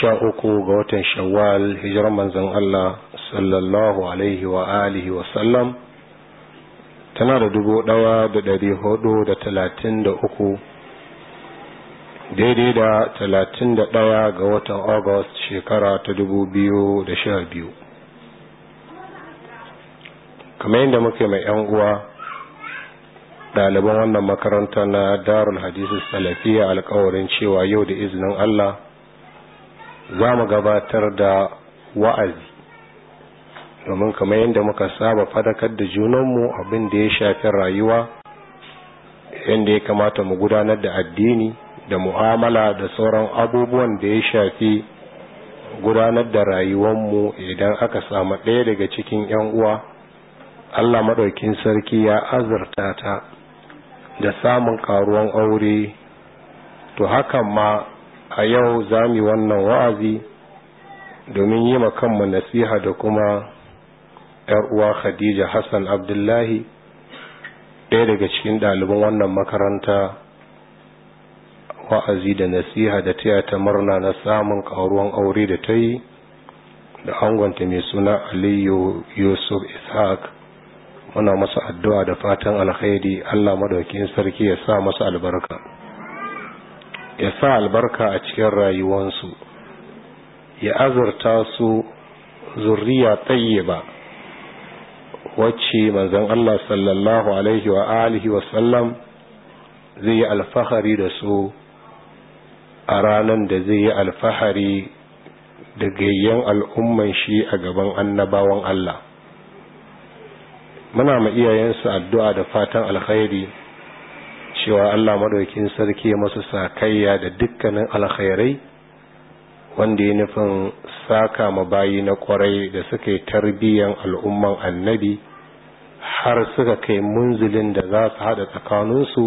sha uku ga watan shawwal hijiran manzon Allah sallallahu alaihi wa alihi wa sallam tana da dubu dawa da dari hudu da talatin da uku daidai da talatin da daya ga watan august shekara ta dubu biyu da sha biyu kamar yadda muke mai yan uwa ɗaliban wannan makaranta na darul hadisi salafiya alkawarin cewa yau da izinin Allah za mu gabatar da wa'azi domin kamar yadda muka saba fadakar da junanmu abin da ya shafi rayuwa yadda ya kamata mu gudanar da addini da mu'amala da sauran abubuwan da ya shafi gudanar da rayuwanmu idan aka samu ɗaya daga cikin 'yan uwa allah maɗaukin sarki ya azurta ta da samun karuwan aure to hakan ma a yau za mu wannan wa'azi domin yi kanmu nasiha da kuma ‘yar uwa Khadija Hassan Abdullahi ɗaya daga cikin ɗaliban wannan makaranta wa'azi da nasiha da taya ta murna na samun ƙaruwan aure da ta yi da angonta mai suna Aliyu Yusuf Ishaq muna masa addu'a da fatan alkhairi Allah madaukin sarki ya sa masa albarka. ya sa albarka a cikin rayuwansu ya azurta su zurriya tayyiba wacce manzon Allah sallallahu alaihi wa alihi wa sallam zai yi alfahari da su a ranar da zai yi alfahari da gayyan al'umman shi a gaban annabawan Allah muna ma iyayensu addu'a da fatan alkhairi cewa Allah madaukin sarki ya masa sakayya da dukkanin alkhairai wanda ya nufin saka ma bayi na kwarai da suka yi tarbiyyan al'umman annabi har suka kai munzilin da za su haɗa tsakaninsu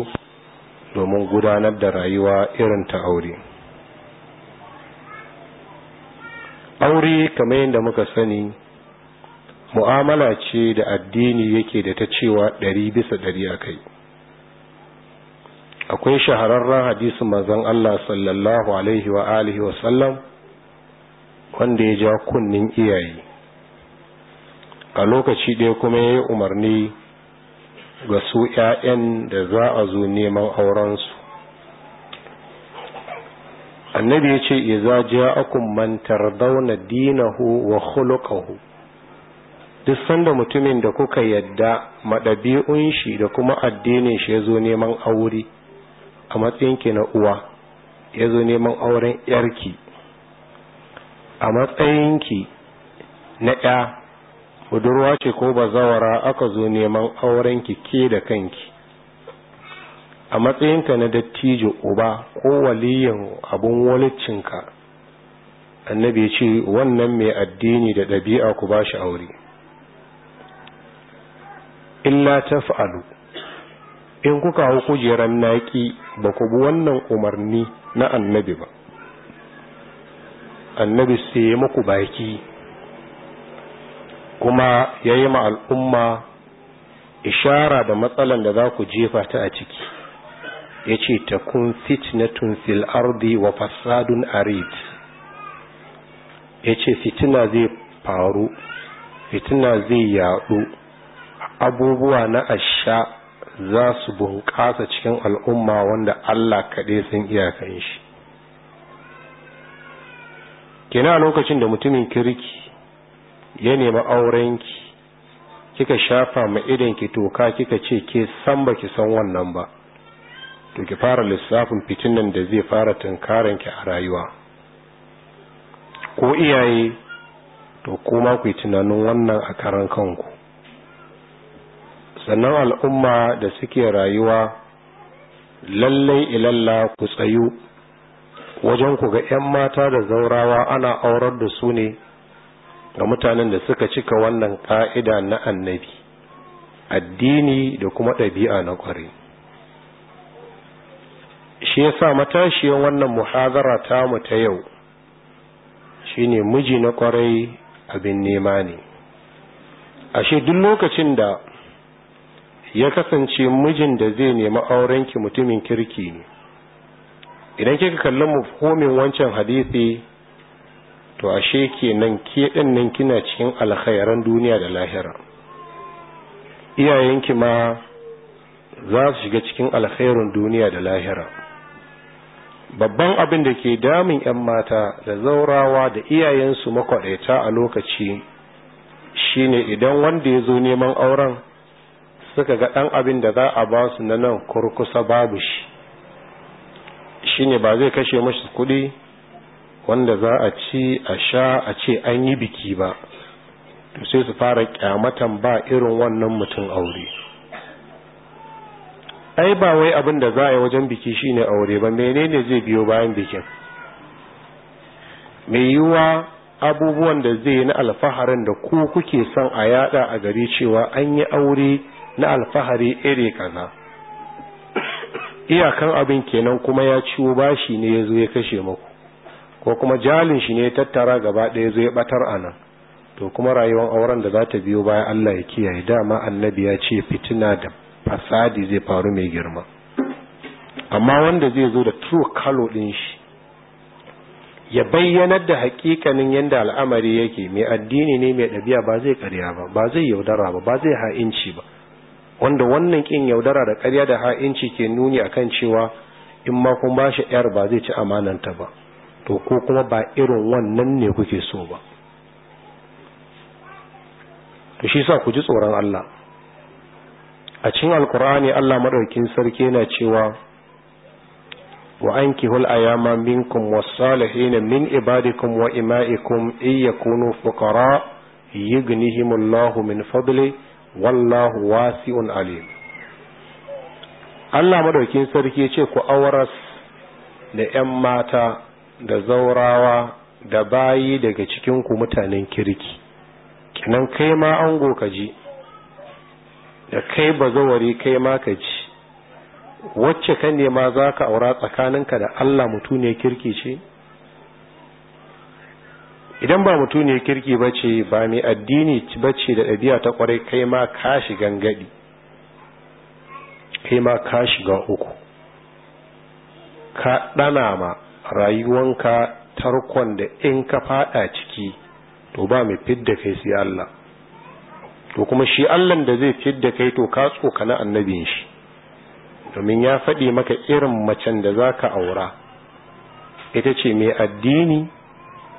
domin gudanar da rayuwa irin ta aure aure kamar yadda muka sani mu'amala ce da addini yake da ta cewa ɗari bisa ɗari a kai akwai shahararren hadisin mazan Allah sallallahu alaihi wa alihi wa sallam wanda ya ja kunnin iyaye a lokaci ɗaya kuma ya yi umarni ga su ‘ya'yan da za a zo neman aurensu annabi ya ce iza ja akun mantar dauna dinahu wa hulukahu, duk sanda mutumin da kuka yadda maɗabi'un shi da kuma addinin shi ya zo neman aure a matsayin ki na uwa ya zo neman auren yarki a matsayin ki na ya budurwa ce ko bazawara aka zo neman auren ki ke da kanki a matsayinka na dattijo uba ko waliyan abun walicinka annabi ya ce wannan mai addini da ɗabi'a ku ba shi aure illa ta fa'alu in kuka hau kujerar naƙi ba ku bi wannan umarni na annabi ba annabi sai muku baki kuma ya yi ma al'umma ishara da matsalan da za ku jefa ta a ciki ya ce ta kun fitnatun fil ardi wa fasadun arid ya ce fitina zai faru fitina zai yadu abubuwa na asha za su bunƙasa cikin al'umma wanda Allah kaɗai sun iyakan shi kina lokacin da mutumin kirki ya nemi aurenki kika shafa ma idanki toka kika ce ke san baki san wannan ba to ki fara lissafin fitinan da zai fara tunkaranki a rayuwa ko iyaye to kuma ku yi tunanin wannan a karan kanku sannan al'umma da suke rayuwa lallai ilalla ku tsayu wajen ku ga 'yan mata da zaurawa ana aurar da su ne ga mutanen da suka cika wannan ka'ida na annabi addini da kuma ɗabi'a na ƙware shi ya sa matashiyar wannan muhazara ta mu ta yau shi ne miji na ƙwarai abin nema ne ashe duk lokacin da ya kasance mijin da zai nemi aurenki mutumin kirki ne idan kika mu mufhomin wancan hadisi to ashe kenan ke din nan kina cikin alkhairan duniya da lahira iyayenki ma za su shiga cikin alkhairun duniya da lahira babban abin da ke damun 'yan mata da zaurawa da iyayensu makwaɗaita a lokaci shine idan wanda ya zo neman auren suka ga ɗan abin da za a ba su na nan kurkusa babu shi shine ba zai kashe mashi kuɗi wanda za a ci a sha a ce an yi biki ba to sai su fara kyamatan ba irin wannan mutum aure ai ba wai abin da za a yi wajen biki shine aure ba menene zai biyo bayan bikin mai yiwuwa abubuwan da zai yi na alfaharin da ku kuke son a yada a gari cewa an yi aure na alfahari iri kaza iyakan abin kenan kuma ya ciwo bashi ne ya zo ya kashe muku ko kuma jalin shi ne ya tattara gaba ɗaya zo ya batar a nan to kuma rayuwar auren da za ta biyo baya Allah ya kiyaye dama annabi ya ce fitina da fasadi zai faru mai girma amma wanda zai zo da true kalo ɗin shi ya bayyanar da hakikanin yadda al'amari yake mai addini ne mai ɗabi'a ba zai karya ba ba zai yaudara ba ba zai ha'inci ba wanda wannan kin yaudara da ƙarya da ha'inci ke nuni akan cewa in ma kun ba shi yar ba zai ci amananta ba to ko kuma ba irin wannan ne kuke so ba to shi sa ku ji tsoron Allah a cikin alkur'ani Allah madaukin sarki yana cewa wa ankihul ayama minkum wasalihin min ibadikum wa ima'ikum iyakunu fuqara yughnihimullahu min fadlihi wallahu wasi'un alim Allah madaukin sarki yace ce ku auras da ‘yan mata da zaurawa da bayi daga cikin ku mutanen kirki, kinan kai ma ango ka ji, da kai bazawari kai ma ka ji, wacce ka nema za ka aura tsakaninka da Allah mutune kirki ce? idan ba mutuniyar kirki ba ce ba mai addini ba ce da ɗabi'a ta ƙwarai kai ma ka shigan gadi kai ma ka ga uku ka ɗana ma rayuwanka tarkon da in ka faɗa ciki to ba mai fidda kai sai Allah to kuma shi Allah da zai fidda kai to ka tsoka na annabin shi domin ya faɗi maka irin macen da za ka aura ita ce mai addini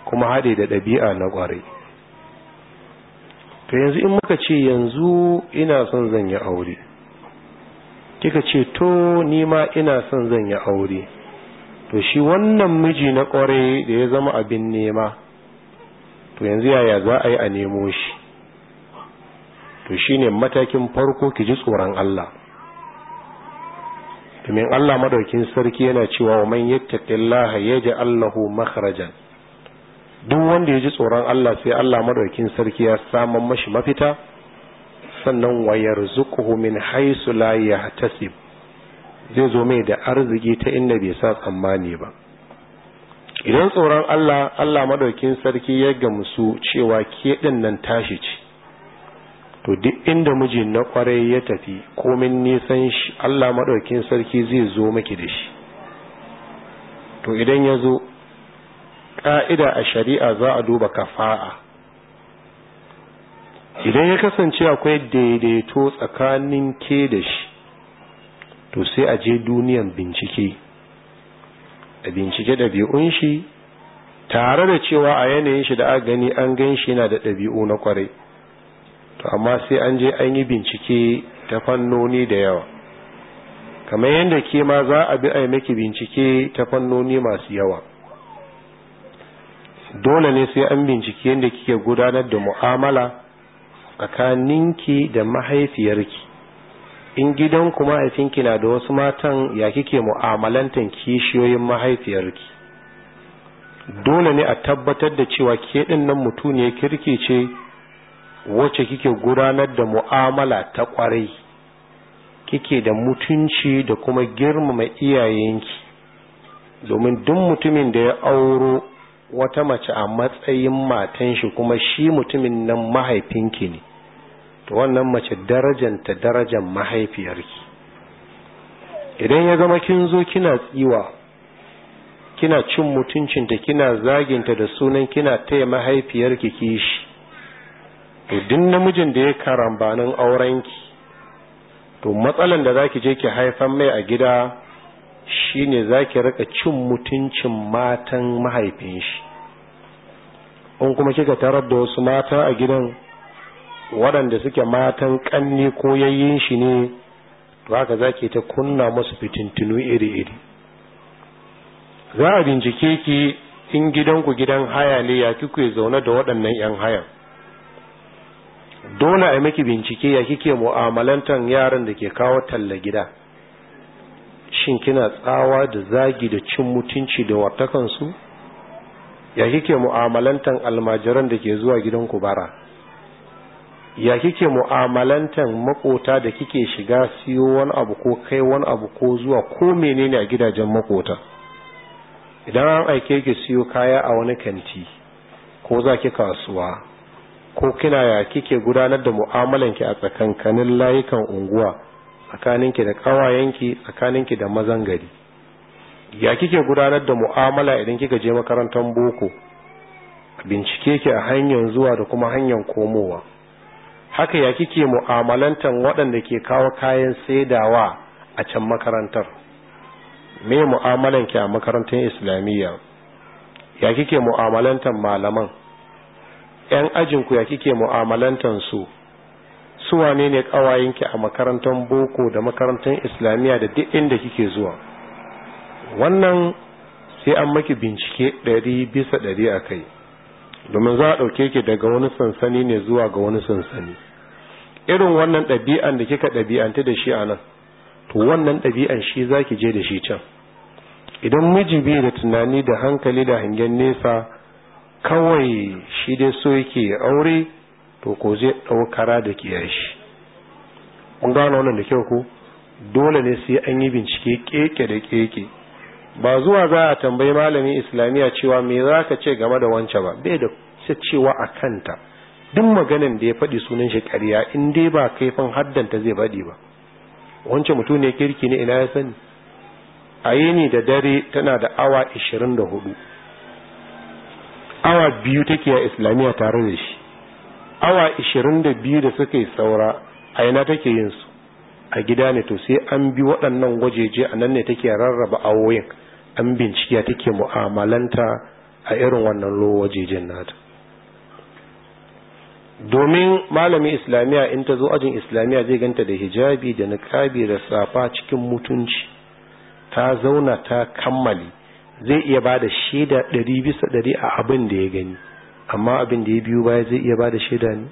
kuma haɗe da ɗabi'a na ƙwarai to yanzu in muka ce yanzu ina son zan yi aure kika ce to nima ina son zan yi aure to shi wannan miji na ƙwarai da ya zama abin nema to yanzu yaya za a yi a nemo shi to shi ne matakin farko ki ji tsoron Allah domin Allah madaukin sarki yana cewa wa man yattaqillaha yaj'al lahu makhrajan duk wanda ya ji tsoron Allah sai Allah madaukin sarki ya saman mashi mafita sannan wayar yarzuquhu min haisu la yahtasib zai zo mai da arziki ta inda bai sa tsammani ba idan tsoron Allah Allah madaukin sarki ya gamsu cewa ke din nan tashi ce to duk inda mijin na kwarai ya tafi komin nisan shi Allah madaukin sarki zai zo miki da shi to idan ya zo ka'ida a shari'a za a duba kafa'a idan ya kasance akwai daidaito tsakanin ke da shi to sai a je duniyan bincike a bincike ɗabi'un shi tare da cewa a yanayin shi da a gani an gan shi yana da ɗabi'u na kwarai to amma sai an je an yi bincike ta fannoni da yawa kamar yadda ke ma za a bi a yi maki bincike ta fannoni masu yawa dole ne sai an bincike yadda kike gudanar da mu'amala tsakaninki da mahaifiyarki in gidan kuma mahaifinki na da wasu matan ya kike mu'amalantan kishiyoyin mahaifiyarki dole ne a tabbatar da cewa ke din nan mutuniyar kirki ce wacce kike gudanar da mu'amala ta kwarai kike da mutunci da kuma girmama iyayenki domin duk mutumin da ya auro wata mace a matsayin matan shi kuma shi mutumin nan mahaifinki ne to wannan mace ta darajan mahaifiyarki idan ya zama kin zo kina tsiwa kina cin mutuncinta kina zaginta da sunan kina taya mahaifiyarki kishi to duk namijin da ya karambanin aurenki to matsalan da zaki je ki haifan mai a gida shine zaki rika cin mutuncin matan mahaifin shi in kuma kika tarar da wasu mata a gidan waɗanda suke matan ƙanni ko yayyin shi ne ba ka zaki ta kunna musu fitintunu iri-iri za a bincike ki in gidanku gidan haya ne ya kike zaune da waɗannan 'yan hayan dole a yi maki bincike ya kike mu'amalantar yaran da ke kawo talla gida shin kina tsawa da zagi da cin mutunci da watakansu? ya kike mu'amalantan almajiran da ke zuwa gidan ku bara ya kike mu'amalantan makota da kike shiga siyo wani abu ko kai wani abu ko zuwa ko menene a gidajen makota idan an aike ki siyo kaya a wani kanti ko za ki kasuwa ko kina ya kike gudanar da mu'amalanki a tsakankanin layukan unguwa tsakaninki da ƙawayenki tsakaninki da mazan gari ya kike gudanar da mu'amala idan kika je makarantar boko bincike ki a hanyar zuwa da kuma hanyar komowa haka ya kike mu'amalantan waɗanda ke kawo kayan saidawa a can makarantar me mu'amalan ki a makarantar islamiyya ya kike mu'amalantar malaman yan ajinku ya kike mu'amalantan su su wane ne kawayenki a makarantar boko da makarantar islamiyya da duk inda kike zuwa wannan sai an maki bincike ɗari bisa ɗari a kai domin za a ɗauke ki daga wani sansani ne zuwa ga wani sansani irin wannan ɗabi'an da kika ɗabi'anta da shi a nan to wannan ɗabi'an shi za ki je da shi can idan miji bai da tunani da hankali da hangen nesa kawai shi dai so yake aure to ko zai ɗaukara da kiyashi kun gano wannan da kyau ko dole ne sai an yi bincike keke da keke ba zuwa za a tambayi malamin islamiyya cewa me za ka ce game da wancan ba bai da cewa a kanta duk maganin da ya faɗi sunan shi ƙarya in dai ba kaifin haddanta zai faɗi ba wancan mutum ne kirki ne ina ya sani a yini da dare tana da awa 24 awa biyu take a islamiyya tare da shi awa 22 da suka yi saura a ina take yin su a gida ne to sai an bi waɗannan gwajeje a nan ne take rarraba awoyin an bincike take mu'amalanta a irin wannan lowajejen nata domin malami islamiyya in ta zo ajin islamiyya zai ganta da hijabi da niqabi da safa cikin mutunci ta zauna ta kammali zai iya bada da shaida ɗari bisa ɗari a abin da ya gani amma abin da ya biyu baya zai iya ba da shaida ne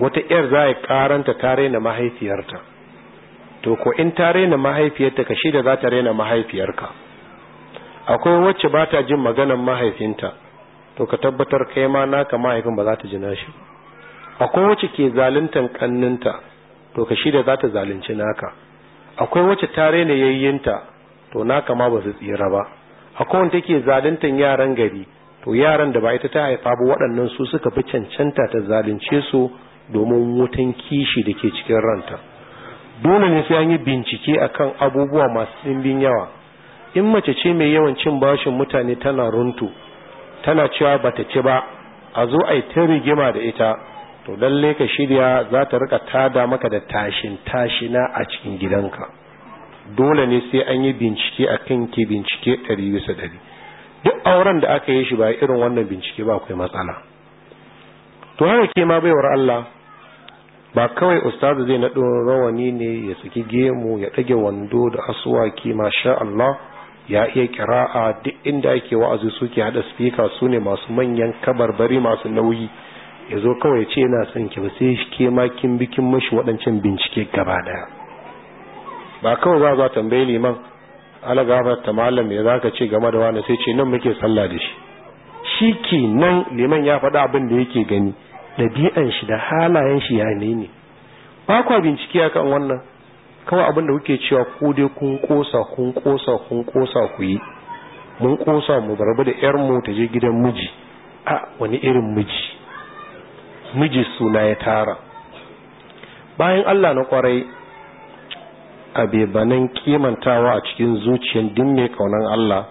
wata yar za a karanta ta raina mahaifiyarta to ko in ta raina mahaifiyarta ka shaida za ta raina mahaifiyarka akwai wacce ba ta jin maganan mahaifinta to ka tabbatar kai ma naka mahaifin ba za ta ji shi akwai wacce ke zaluntan kanninta to ka shaida za ta zalunci naka akwai wacce ta raina yayyinta to naka ma ba su tsira ba akwai wanda ke zaluntan yaran gari to yaran da ba ita ta haifa ba waɗannan su suka fi cancanta ta zalunce su domin wutan kishi da ke cikin ranta dole ne sai an yi bincike akan abubuwa masu ɗimbin yawa in mace ce mai yawan cin bashin mutane tana runtu tana cewa ba ta ci ba a zo a yi ta rigima da ita to lalle ka shirya za ta rika tada maka da tashin tashina a cikin gidanka dole ne sai an yi bincike a ke bincike ɗari bisa ɗari duk auren da aka yi shi ba irin wannan bincike ba akwai matsala to haka ke ma baiwar Allah ba kawai ustazu zai naɗo rawani ne ya saki gemu ya ɗage wando da aswaki masha Allah ya iya kira'a duk inda ake wa'azi suke haɗa spika su ne masu manyan kabarbari masu nauyi ya zo kawai ce yana son ki ba sai ke ma kin bikin mashi waɗancan bincike gaba daya ba kawai za za tambayi liman alagabar ta malam ya zaka ce game da wani sai ce nan muke sallah da shi shi ke nan liman ya faɗa abin da yake gani ɗabi'an shi da halayen shi ya ne ne ba kwa bincike akan wannan kawai abin da kuke cewa ko dai kun kosa kun kosa kun kosa ku yi mun kosa mu barba da yar mu ta je gidan miji a wani irin miji miji suna ya tara bayan Allah na kwarai abebanan kimantawa a cikin zuciyar din mai kaunan Allah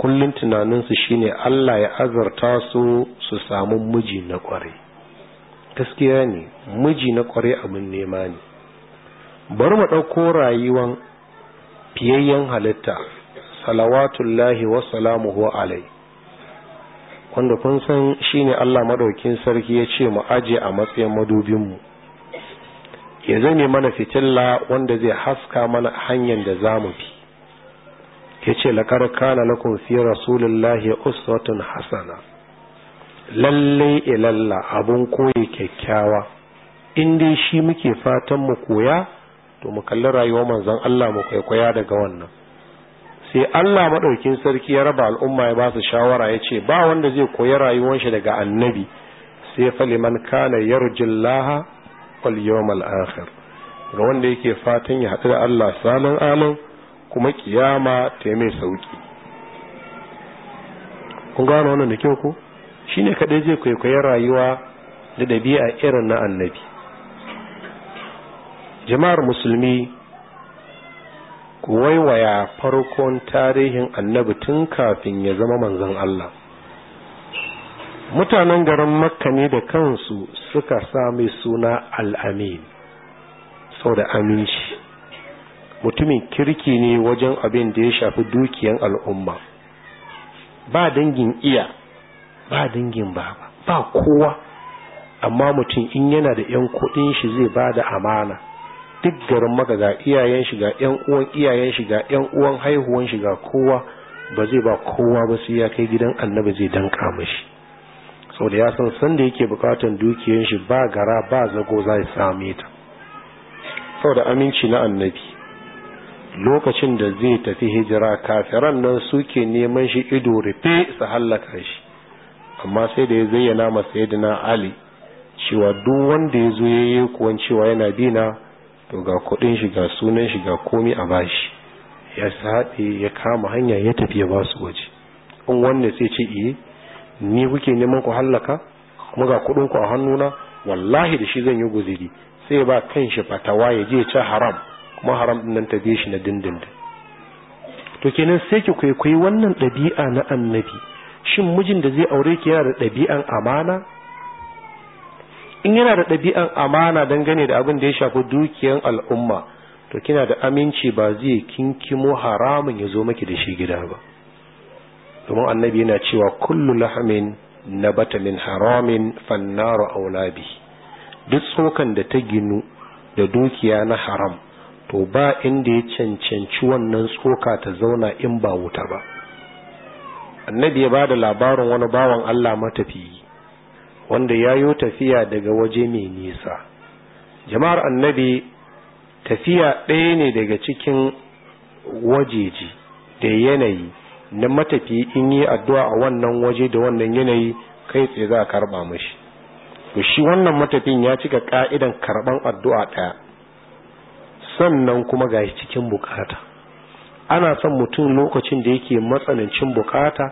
kullum tunaninsu shine Allah ya azarta su su samu miji na kware gaskiya ne miji na kware abin nema ne bari mu ɗauko rayuwan fiyayyen halitta salawatullahi wa salamuhu alai wanda kun san shine Allah madaukin sarki ya ce mu aje a matsayin madubinmu ya zane mana fitilla wanda zai haska mana hanyar da za mu bi ya ce laƙar kana lakum fi rasulillahi uswatun hasana lalle ilalla abun koyi kyakkyawa in dai shi muke fatan mu koya to mu kalli rayuwar manzan Allah mu kwaikwaya daga wannan sai Allah maɗaukin sarki ya raba al'umma ya ba su shawara ya ce ba wanda zai koya rayuwar shi daga annabi sai faliman kana laha. wal yawmal akhir ga wanda yake fatan ya haɗu da Allah salon amin kuma kiyama ta mai sauki kun gano wannan da kyau ko shine kadai zai kwaikwayi rayuwa da dabi'a irin na annabi jama'ar musulmi ku waiwaya farkon tarihin annabi tun kafin ya zama manzon Allah mutanen garin makka ne da kansu suka sami suna al'amin sau da aminci mutumin kirki ne wajen abin da ya shafi dukiyan al'umma ba dangin iya ba dangin baba ba kowa amma mutum in yana da 'yan kudin shi zai ba da amana duk garin maka ga iyayen shi ga 'yan uwan iyayen shi ga 'yan uwan haihuwan shi ga kowa ba zai ba kowa ba sai ya kai gidan annabi zai danka mashi da ya san sanda yake bukatan dukiyar shi ba gara ba zago za ya same ta Sau da aminci na annabi lokacin da zai tafi hijira kafiran nan suke neman shi ido rufe su hallaka shi amma sai da ya zayyana masa yadda ali cewa duk wanda ya zo ya yi kuwan cewa yana bina to ga kudin shi ga sunan shi ga komi a bashi ya saɗe ya kama hanya ya tafi ya ba su waje in wanda sai ce iye eh, ni kuke neman ku hallaka kuma ga kuɗin ku a hannuna wallahi da shi zan yi guziri sai ba kan shi fatawa ya je ci haram kuma haram din nan ta bi shi na dindindin to kenan sai ki kwaikwayi wannan ɗabi'a na annabi shin mijin da zai aure ki yana da ɗabi'an amana in yana da ɗabi'an amana dangane da abin da ya shafi dukiyan al'umma to kina da aminci ba zai kinkimo haramun ya zo maki da shi gida ba domin annabi yana cewa kullu lahamin na min haramin fannaru aulabi duk tsokan da ta ginu da dukiya na haram to ba inda ya cancanci wannan tsoka ta zauna in ba wuta ba annabi ya ba da labarin wani bawan Allah matafiyi wanda ya yi tafiya daga waje mai nisa jama'ar annabi tafiya ɗaya ne daga cikin wajeji da yanayi na matafi in yi addu'a a wannan waje da wannan yanayi kai tsaye za a karɓa mashi to shi wannan matafin ya cika ka'idan karban addu'a ɗaya sannan kuma ga cikin bukata ana son mutum lokacin da yake matsanancin bukata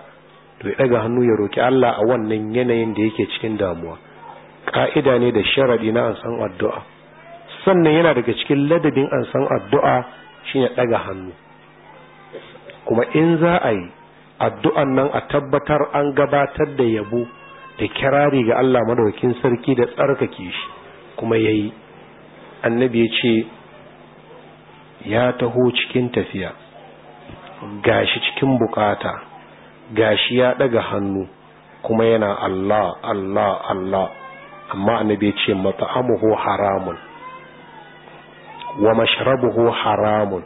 to ya ɗaga hannu ya roƙi Allah a wannan yanayin da yake cikin damuwa ka'ida ne da sharaɗi na an addu'a sannan yana daga cikin ladabin ansan san addu'a shine ɗaga hannu kuma in za a yi addu'an nan a tabbatar an gabatar da yabo da kirari ga Allah madaukin sarki da tsarkake shi kuma yayi annabi ya ce ya taho cikin tafiya gashi cikin bukata gashi ya daga hannu kuma yana Allah Allah Allah amma annabi ya ce amuhu haramun wa mashrabuhu haramun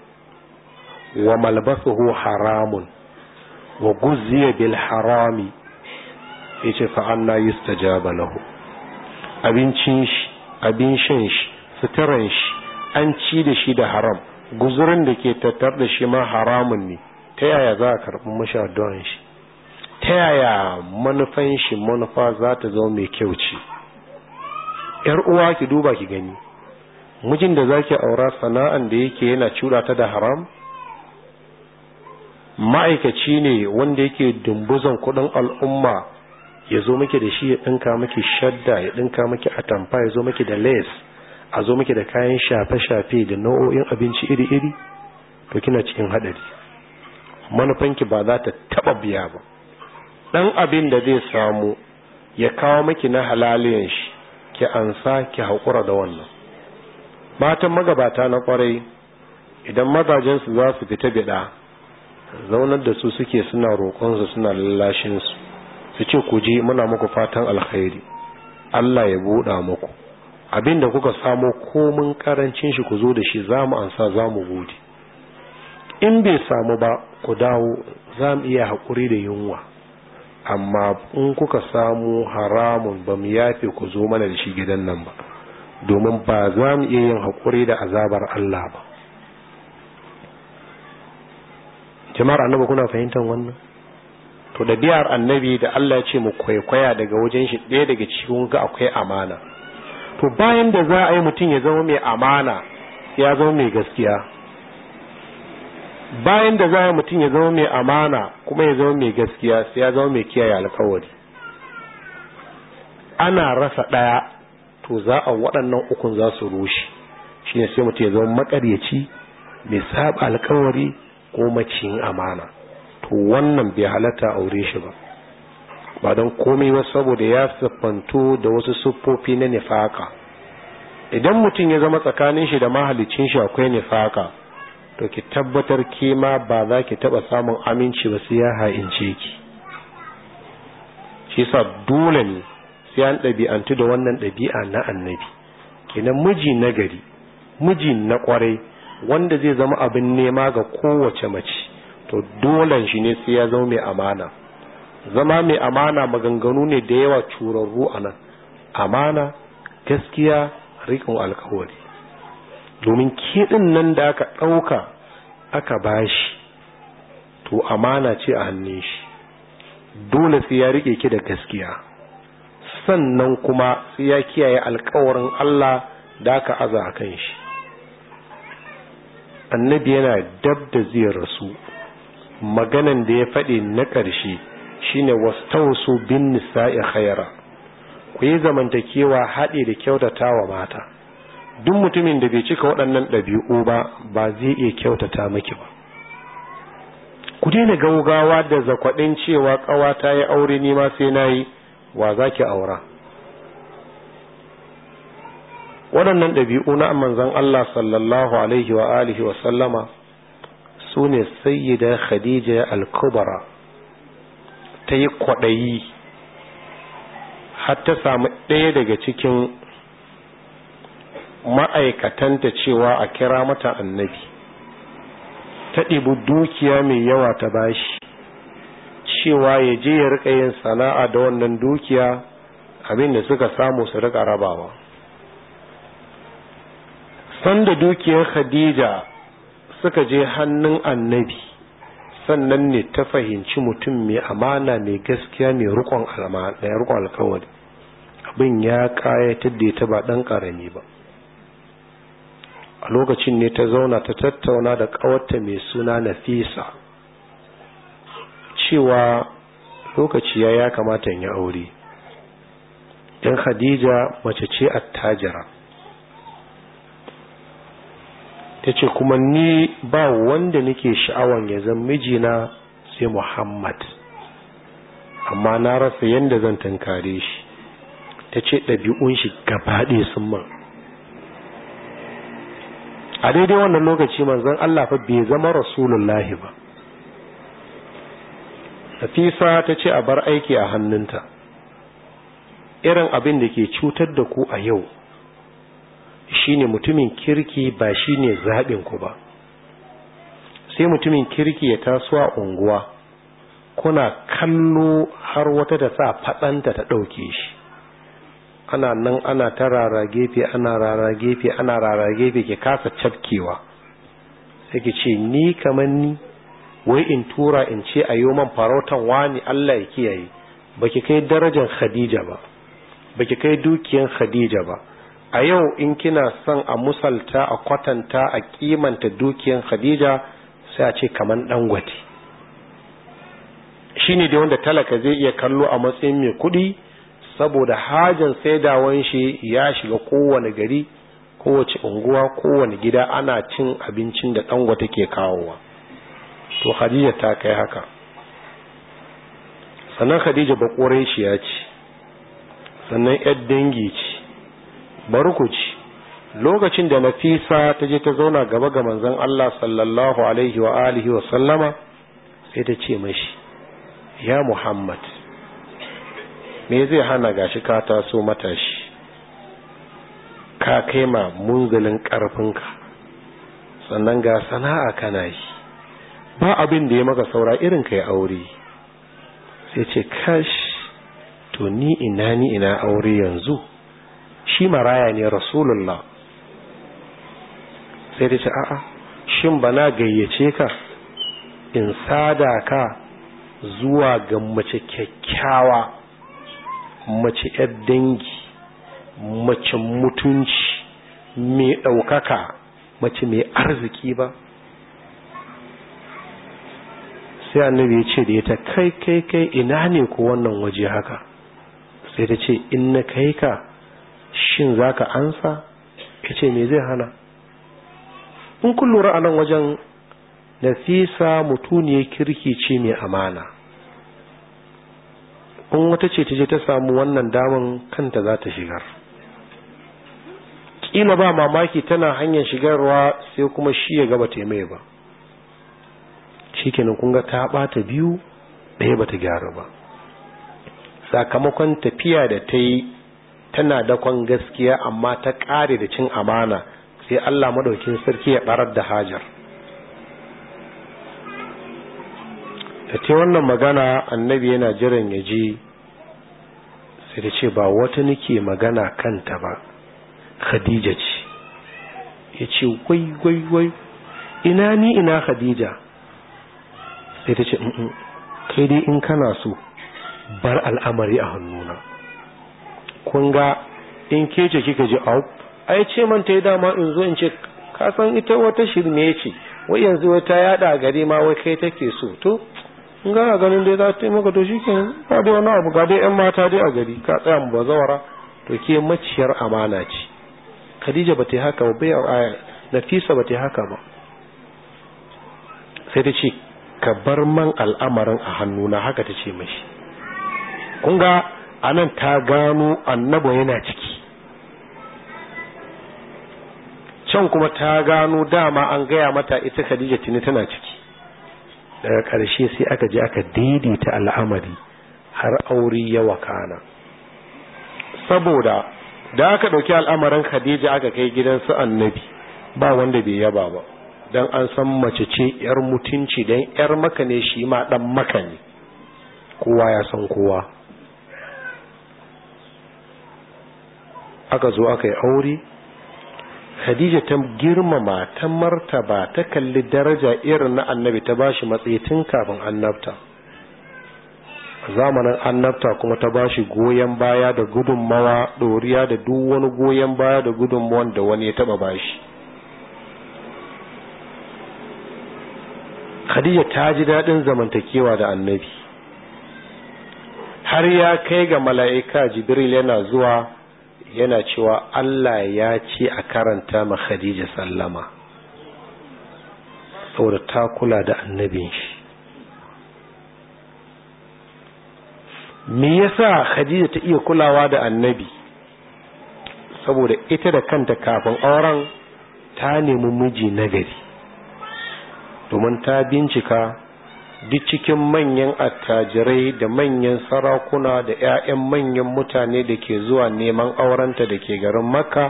wa malbasuhu haramun wa guziya bil harami yace fa anna yustajaba lahu abincin shi abin shan shi suturan shi an ci da shi da haram guzurin da ke tattar da shi ma haramun ne ta yaya za a karɓi mashi shi ta yaya manufan shi manufa za ta zama mai kyau ce yar uwa ki duba ki gani mijin da zaki aura sana'an da yake yana cuda ta da haram ma'aikaci ne wanda yake dumbuzan kudin al'umma ya zo miki da shi ya ɗinka miki shadda ya dinka a atamfa ya zo miki da lace a zo miki da kayan shafe-shafe da nau'o'in abinci iri-iri to kina cikin haɗari. manufanki ba za ta taɓa biya ba Ɗan abin da zai samu ya kawo maki na halaliyan shi ki ansa ki haƙura da wannan matan magabata na kwarai idan mazajensu za su fita biɗa. zaunar da su suke suna roƙonsu suna lallashinsu su ce ku je muna muku fatan alkhairi Allah ya buɗa muku abinda kuka samo komin karancin shi ku zo da shi za mu ansa za mu gode in bai samu ba ku dawo za mu iya haƙuri da yunwa amma in kuka samu haramun ba mu yafe ku zo mana da shi gidan nan ba domin ba za mu iya yin haƙuri da azabar Allah ba jama'ar annabi kuna fahimtar wannan to da biyar annabi da Allah ya ce mu kwaikwaya daga wajen shi ɗaya daga cikin ga akwai amana to bayan da za a yi mutum ya zama mai amana ya zama mai gaskiya bayan da za a yi mutum ya zama mai amana kuma ya zama mai gaskiya sai ya zama mai kiyaye alkawari ana rasa ɗaya to za a waɗannan ukun za su rushe shine sai mutum ya zama makaryaci mai saba alkawari ko maciyin amana to wannan bai halatta aure shi ba ba don komai ba saboda ya siffanto da wasu siffofi na nifaka idan mutum ya zama tsakanin shi da mahalicin shi akwai nifaka to ki tabbatar ke ma ba za ki taba samun aminci ba sai ya ha'ince ki shi sa dole ne sai an ɗabi'antu da wannan ɗabi'a na annabi kenan miji na gari miji na ƙwarai wanda zai zama abin nema ga kowace mace to dolan shi ne sai ya zama mai amana zama mai amana maganganu ne da yawa curarru a nan amana gaskiya rikin alkawari domin kiɗin nan da aka ɗauka aka bashi to amana ce a hannun shi dole sai ya rike ki da gaskiya sannan kuma sai ya kiyaye alkawarin Allah da aka aza a kan shi annabi yana dab da ziyararsu maganan da ya faɗi na ƙarshe shine wastausu bin nisa'i khaira ku yi zamantakewa haɗe da kyautata wa mata duk mutumin da bai cika waɗannan ɗabi'u ba ba zai iya kyautata maki ba ku daina gaugawa da zakwaɗin cewa ƙawata ya yi aure ni ma sai na yi wa za ki aura waɗannan ɗabi'u na manzon Allah sallallahu alaihi wa alihi wa sallama su ne sayyida khadija al-kubra ta yi kwaɗayi har ta samu ɗaya daga cikin ma'aikatanta cewa a kira mata annabi ta ɗibu dukiya mai yawa ta bashi cewa ya je ya riƙa yin sana'a da wannan dukiya abin da suka samu su riƙa rabawa sanda dukiyar khadija suka je hannun annabi sannan ne ta fahimci mutum mai amana mai gaskiya mai rukon alkawari abin ya kayatar da ta ba dan karami ba a lokacin ne ta zauna ta tattauna da kawarta mai suna nafisa cewa lokaci ya ya kamata yi aure ɗan khadija mace ce attajira ta ce kuma ni ba wanda nake sha'awan ya zan mijina sai muhammad amma na rasa yadda zan tankare shi ta ce ɗabi'un shi gabaɗe sun man a daidai wannan lokaci manzon Allah fa bai zama rasulullahi ba Nafisa ta ce a bar aiki a hannunta irin abin da ke cutar da ku a yau shine mutumin kirki ba shi ne zaɓin ku ba sai mutumin kirki ya taso a unguwa kuna kallo har wata da sa faɗanta ta ɗauke shi ana nan ana ta rara gefe ana rara gefe ana rara gefe ke kasa cafkewa sai ke ce ni kamar ni wai in tura in ce a man farautan wani Allah ya kiyaye baki kai darajar Khadija ba baki kai dukiyan Khadija ba a yau in kina son a musalta a kwatanta a kimanta dukiyan khadija sai a ce kaman dangote ne da wanda talaka zai iya kallo a matsayin mai kuɗi saboda sai saidawan shi ya shiga kowane gari kowace unguwa kowane gida ana cin abincin da dangote ke kawowa to khadija ta kai haka sannan khadija ba ce sannan yar dangi ce bari ku ci lokacin da nafisa ta je ta zauna gaba ga manzon Allah sallallahu alaihi wa alihi wa sallama sai ta ce mashi ya muhammad me zai hana gashi ka taso matashi ka kai ma munzalin karfinka sannan ga sana'a kana yi ba abin da ya maka saura irin kai aure sai ce kash to ni ina ni ina aure yanzu shi maraya ne rasulullah sai ta ce a'a shin ba na gayyace ka in sada ka zuwa ga mace kyakkyawa mace yar dangi mace mutunci mai ɗaukaka mace mai arziki ba sai annabi ya ce da ita kai kai kai ina ne ko wannan waje haka sai ta ce in na kai ka shin za ka ansa ya ce me zai hana in kun lura a nan wajen nafisa mutuniyar kirki ce mai amana in wata ce ta je ta samu wannan daman kanta za ta shigar ƙila ba mamaki tana hanyar shigarwa sai kuma shi ya gaba taimai ba shi kenan kunga ta ɓata biyu ɗaya ba ta gyara ba sakamakon tafiya da ta yi tana dakon gaskiya amma ta ƙare da cin amana sai Allah madaukin sarki ya barar da hajar da ce wannan magana annabi yana jiran ya ji sai da ce ba wata nake magana kanta ba khadija ce ya ce wai wai wai ina ni ina khadija sai ta ce kai dai in kana so bar al'amari a hannuna kun ga in kece kika ji au ai ce man ta yi dama in zo in ce ka san ita wata shirme ce wai yanzu wata yada gari ma wai kai take so to in ga ganin dai za ta yi maka to shikenan ba da wani abu ga dai yan mata dai a gari ka tsaya mu bazawara to ke maciyar amana ce Khadija ba ta yi haka ba bai aya Nafisa ba ta yi haka ba sai ta ce ka bar man al'amarin a hannu na haka ta ce mashi kun ga anan ta gano annaba yana ciki can kuma ta gano dama an gaya mata ita khadija tuni tana ciki daga karshe sai aka je aka dede ta al'amari har aure ya wakana saboda da aka ɗauki al'amarin khadija aka kai gidan su annabi ba wanda bai yaba ba don an san mace ce 'yar mutunci don 'yar maka ne shi ma ɗan maka ne kowa ya san kowa aka zo aka yi aure khadija ta girmama ta martaba ta kalli daraja irin na annabi ta bashi matsayi kafin annabta zamanin annabta kuma ta bashi goyon baya da gudunmawa doriya da duk wani goyon baya da gudunmawan da wani ya taba bashi khadija ta ji daɗin zamantakewa da annabi har ya kai ga mala'ika jibril yana zuwa yana cewa Allah ya ce a karanta ma Khadija sallama saboda ta kula da annabin shi me yasa Khadija ta iya kulawa da annabi saboda ita da kanta kafin auren ta nemi miji nagari domin ta bincika duk cikin manyan attajirai da manyan sarakuna da 'ya'yan manyan mutane da ke zuwa neman aurenta da ke garin makka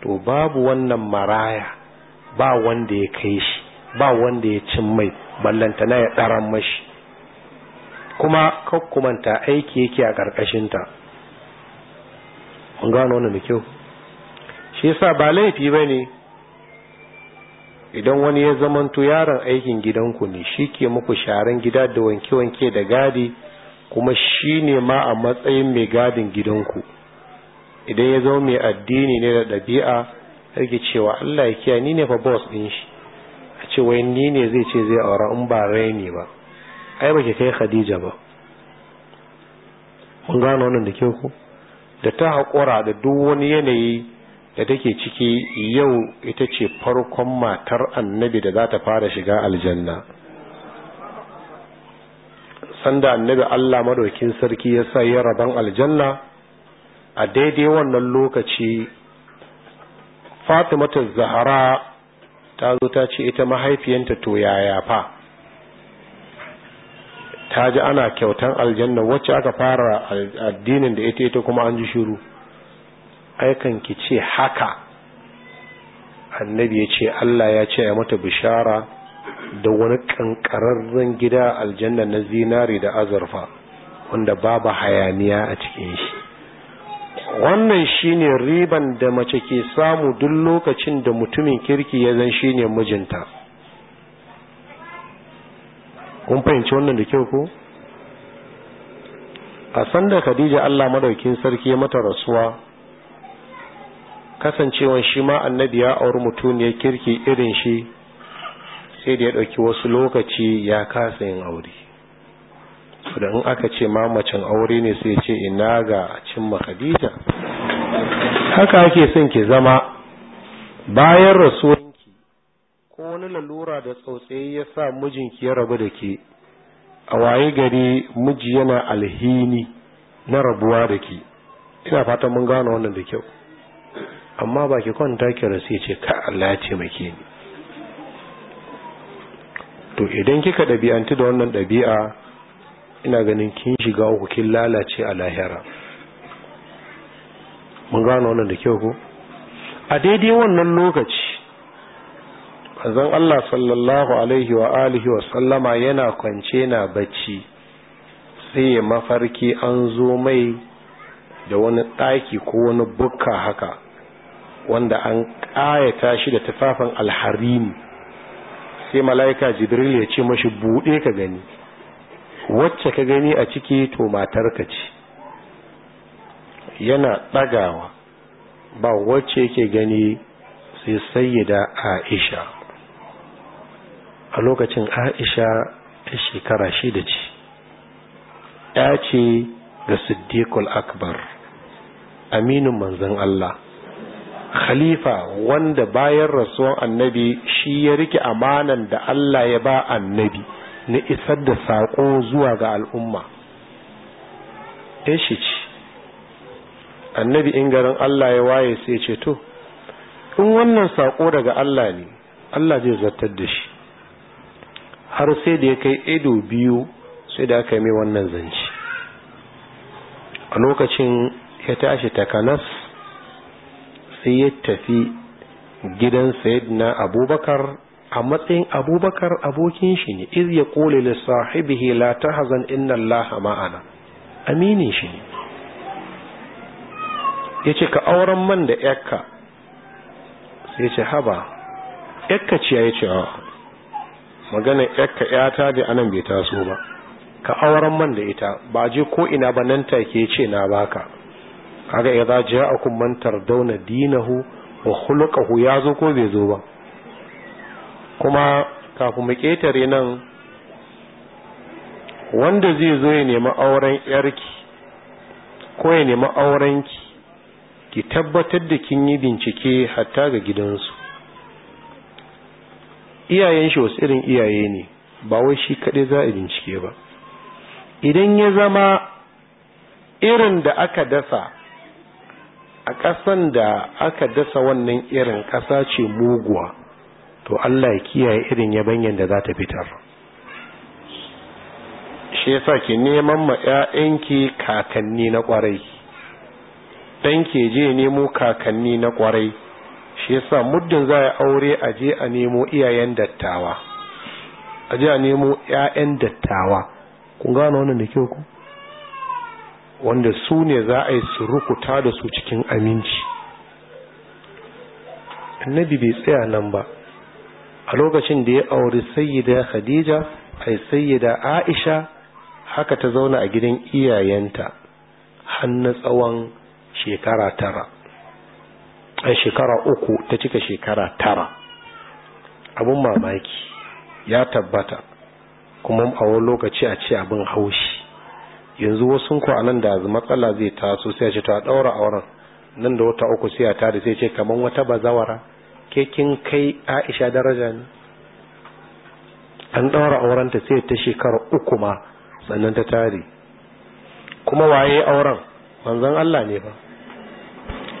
to babu wannan maraya ba wanda ya kai shi ba wanda ya cin mai na ya ɗaran mashi kuma kakkumanta aiki yake a ƙarƙashinta mun gano da kyau shi yasa ba laifi ba ne idan wani ya zamanto yaron aikin gidanku ne shi ke muku sharan gida da wanke-wanke da gadi kuma shi ne ma a matsayin mai gadin gidanku idan ya zama mai addini ne da ɗabi'a harki cewa Allah ya kiya ni ne fa boss ɗin shi a ce wai ni ne zai ce zai aura in ba rai ne ba ai ba ki kai Khadija ba mun gano wannan da kyau ku. da ta haƙura da duk wani yanayi da take ciki yau ita ce farkon matar annabi da za ta fara shiga aljanna sanda annabi Allah madaukin sarki ya sa ya rabon aljanna a daidai wannan lokaci fatimatu zahara ta zo ta ce ita mahaifiyanta to yaya fa ta ji ana kyautan aljanna wacce aka fara addinin da ita ita kuma an ji shiru aikan ki ce haka annabi ya ce Allah ya ce ya mata bishara da wani kankararren gida aljanna na zinari da azurfa wanda babu hayaniya a cikin shi wannan shine riban da mace ke samu duk lokacin da mutumin kirki ya zan shine mijinta kun fahimci wannan da kyau ko a sanda khadija Allah madaukin sarki ya mata rasuwa kasancewan shi ma annabi ya auri ya kirki irin shi sai da ya ɗauki wasu lokaci ya kasa yin aure da in aka ce mamacin aure ne sai ce ina ga cimma khadija haka ake son ki zama bayan rasuwanki ko wani lalura da tsautsayi ya sa mijinki ya rabu da ke a waye gari miji yana alhini na rabuwa da ke ina fatan mun gane wannan da kyau amma ba ki kwanta ki rasu ya ce ka Allah ya maki ni to idan kika ɗabi'antu da wannan ɗabi'a ina ganin kin shiga uku kin lalace a lahira mun gano wannan da kyau ko a daidai wannan lokaci azan Allah sallallahu alaihi wa alihi wa sallama yana kwance na bacci sai mafarki an zo mai da wani ɗaki ko wani bukka haka wanda an ƙayata shi da tufafin alharim sai mala'ika jibril ya ce mashi buɗe ka gani wacce ka gani a ciki to matarka ce yana ɗagawa ba wacce yake gani sai sayyida aisha a lokacin aisha ta shekara shida ce ya ce ga siddiqul akbar aminin manzon Allah khalifa wanda bayan rasuwan annabi shi ya rike amanan da Allah ya ba annabi na isar da saƙo zuwa ga al'umma shi ce annabi in garin Allah ya waye sai ce to in wannan saƙo daga Allah ne Allah zai zartar da shi har sai da ya kai ido biyu sai da aka yi mai wannan zanci a lokacin ya tashi takanas sai ya tafi gidan sayyidina abubakar a matsayin abubakar abokin shi ne iz ya kole li sahibihi la tahzan inna allaha ma'ana aminin shi ne yace ka auren man da yakka sai ce haba yakka ce yace a magana yakka yata da anan bai taso ba ka auren man da ita ba je ko ina ba nan take ce na baka kaga idza ja'akum man tardawna dinahu wa khuluquhu yazo ko bai zo ba kuma kafin mu ketare nan wanda zai zo ya nemi auren yarki ko ya nemi aurenki ki tabbatar da kin yi bincike hatta ga gidansu iyayen shi wasu irin iyaye ne ba wai shi kaɗai za a bincike ba idan ya zama irin da aka dasa a ƙasan da aka dasa wannan irin ƙasa ce muguwa to Allah ya kiyaye irin yabanyan da za ta fitar shi yasa ki neman ma ƴaƴanki kakanni na ƙwarai dan ke je nemo kakanni na kwarai. shi yasa muddin za a aure a je a nemo iyayen dattawa a je a nemo ƴaƴan dattawa kun gano wannan da kyau ku wanda su ne za a yi su rukuta da su cikin aminci annabi bai tsaya nan ba a lokacin da ya auri sayyida khadija ai sayyida aisha haka ta zauna a gidan iyayenta har tsawon shekara tara a shekara uku ta cika shekara tara abin mamaki ya tabbata kuma a wani lokaci a ce abin haushi yanzu wasu ku nan da matsala zai taso sai ce ta daura auren nan da wata uku sai ta da sai ce kaman wata bazawara ke kin kai Aisha daraja ne an daura auren ta sai ta shekara uku ma sannan ta tare kuma waye auren manzon Allah ne ba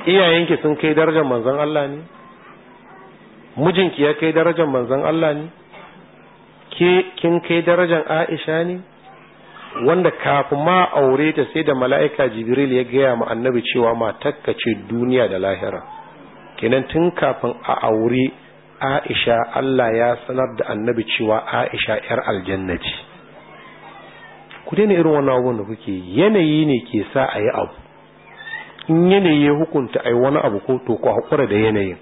iyayenki sun kai darajar manzon Allah ne mijinki ya kai darajar manzon Allah ne ke kin kai darajar Aisha ne wanda kafin ma aure ta sai da mala'ika jibril ya gaya ma annabi cewa matakka ce duniya da lahira kenan tun kafin a aure aisha Allah ya sanar da annabi cewa aisha yar aljanna ce ku daina irin wani abubuwan da kuke yanayi ne ke sa a yi abu in yanayi ya hukunta a yi wani abu ko to ku haƙura da yanayin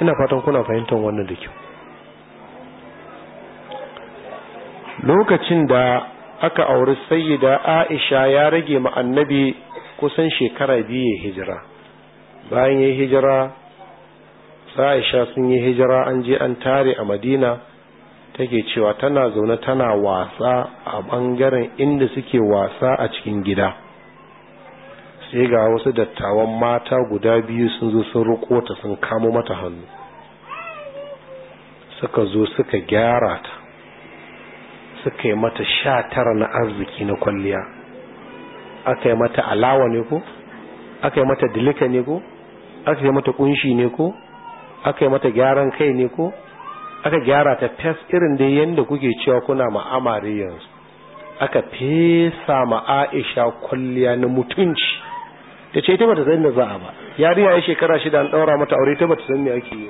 ina fatan kuna fahimtar wannan da kyau lokacin da aka auri sayyida aisha ya rage ma annabi kusan shekara biyu ya hijira bayan ya hijira aisha sun yi hijira an je an tare a madina take cewa tana zaune tana wasa a bangaren inda suke wasa a cikin gida sai ga wasu dattawan mata guda biyu sun zo sun rukota sun kamo mata hannu suka zo suka gyara ta suka yi mata sha tara na arziki na kwalliya aka yi mata alawa ne ko aka yi mata dilika ne ko aka yi mata kunshi ne ko aka yi mata gyaran kai ne ko aka gyara ta fes irin da yadda kuke cewa kuna ma'amari yanzu aka fesa ma aisha kwalliya na mutunci ta ce ita bata zai da za ba yari ya shekara shida an daura mata aure ta bata san me ake yi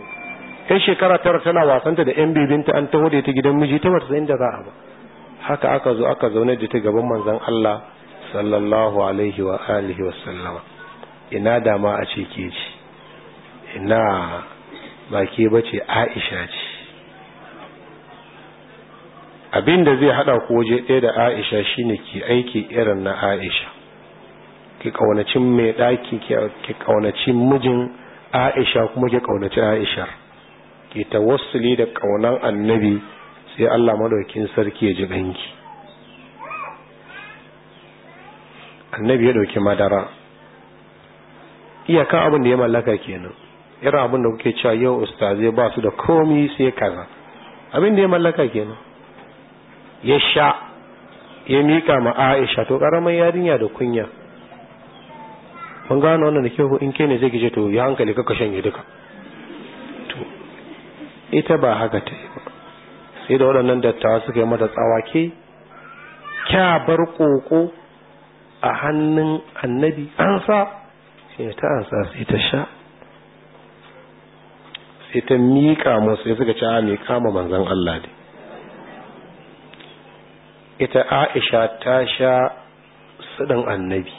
kai shekara tara tana wasanta da yan bibinta an taho da ta gidan miji ta wata san da za a ba haka aka zo aka zaune da ta gaban manzon Allah sallallahu alaihi wa alihi wa sallama ina da ma a ce ke ci ina ba ke bace Aisha ce abin da zai hada ko waje ɗaya da Aisha shine ke aiki irin na Aisha ki kaunacin mai ɗaki ki kaunacin mijin Aisha kuma ki kaunaci Aishar ta tawassuli da ƙaunar annabi sai Allah madaukin sarki ya ji ɗanki annabi ya ɗauki madara iyakan abin da ya mallaka kenan irin abin da kuke cewa yau ustazai ba su da komi sai kaza abin da ya mallaka kenan ya sha ya miƙa ma Aisha to ƙaramin yarinya da kunya mun gano wannan da kyau in ke ne zai gije to ya hankali kaka shanye duka ita ba haka ta yi ba sai da waɗannan dattawa suka yi mata tsawake kya bar ƙoƙo a hannun annabi an sa sai ta an sa sai ta sha sai ta miƙa masu sai suka ci a kama ma manzan Allah ne ita aisha ta sha suɗin annabi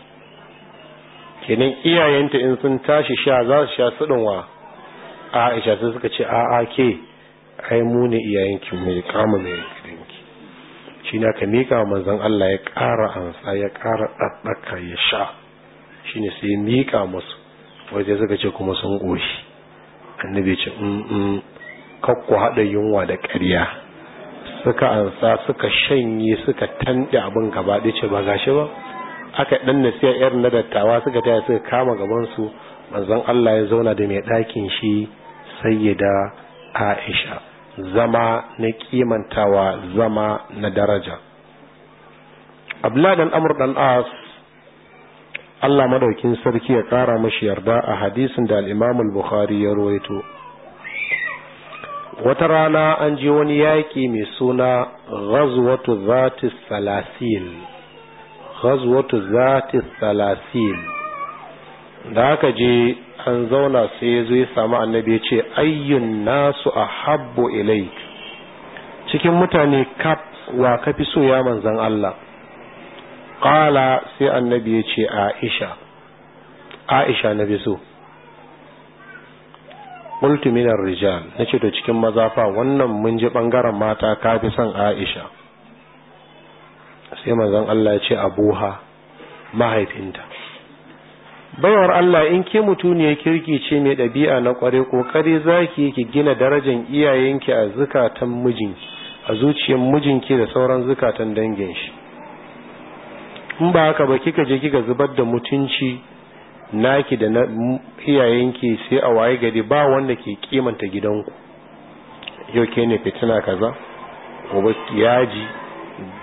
kenan iyayenta in sun tashi sha za su sha suɗin wa aisha sai suka ce a ke ai mu ne iyayenki mu ne kama mai gidanki shi na ka mika wa manzan Allah ya ƙara ansa ya ƙara ɗaɗɗaka ya sha shi ne sai mika masu wajen suka ce kuma sun goshi annabi ce in kakku haɗa yunwa da ƙarya suka ansa suka shanye suka tanɗe abin gaba ɗaya ce ba gashi ba aka ɗan nasiya 'yar na dattawa suka taya suka kama gabansu manzan Allah ya zauna da mai ɗakin shi sayyida aisha zama na kimantawa zama na daraja abladan amur dan as Allah madaukin sarki ya kara mashi yarda a hadisin da al-Imam al-Bukhari ya rawaito wata rana an je wani yaƙi mai suna ghazwatu zati salasil ghazwatu zati salasil da aka je an zauna sai ya zo ya samu annabi ya ce ayyun nasu a habbo ilai cikin mutane kaf wa ka fi so ya manzan Allah ƙala sai annabi ya ce aisha aisha na fi so ultiminar rijal na ce to cikin fa wannan mun ji ɓangaren mata ka fi son aisha sai manzan Allah ya ce abuha mahaifinta baiwar Allah in ke mutuniyar kirki ce mai ɗabi'a na ƙware ƙoƙari za ki ki gina darajar iyayenki a zukatan mijinki a zuciyar mijinki da sauran zukatan dangin shi in ba haka ba kika je kika zubar da mutunci naki da na iyayenki sai a waye gari ba wanda ke kimanta gidanku yau ke ne fitina kaza gobe yaji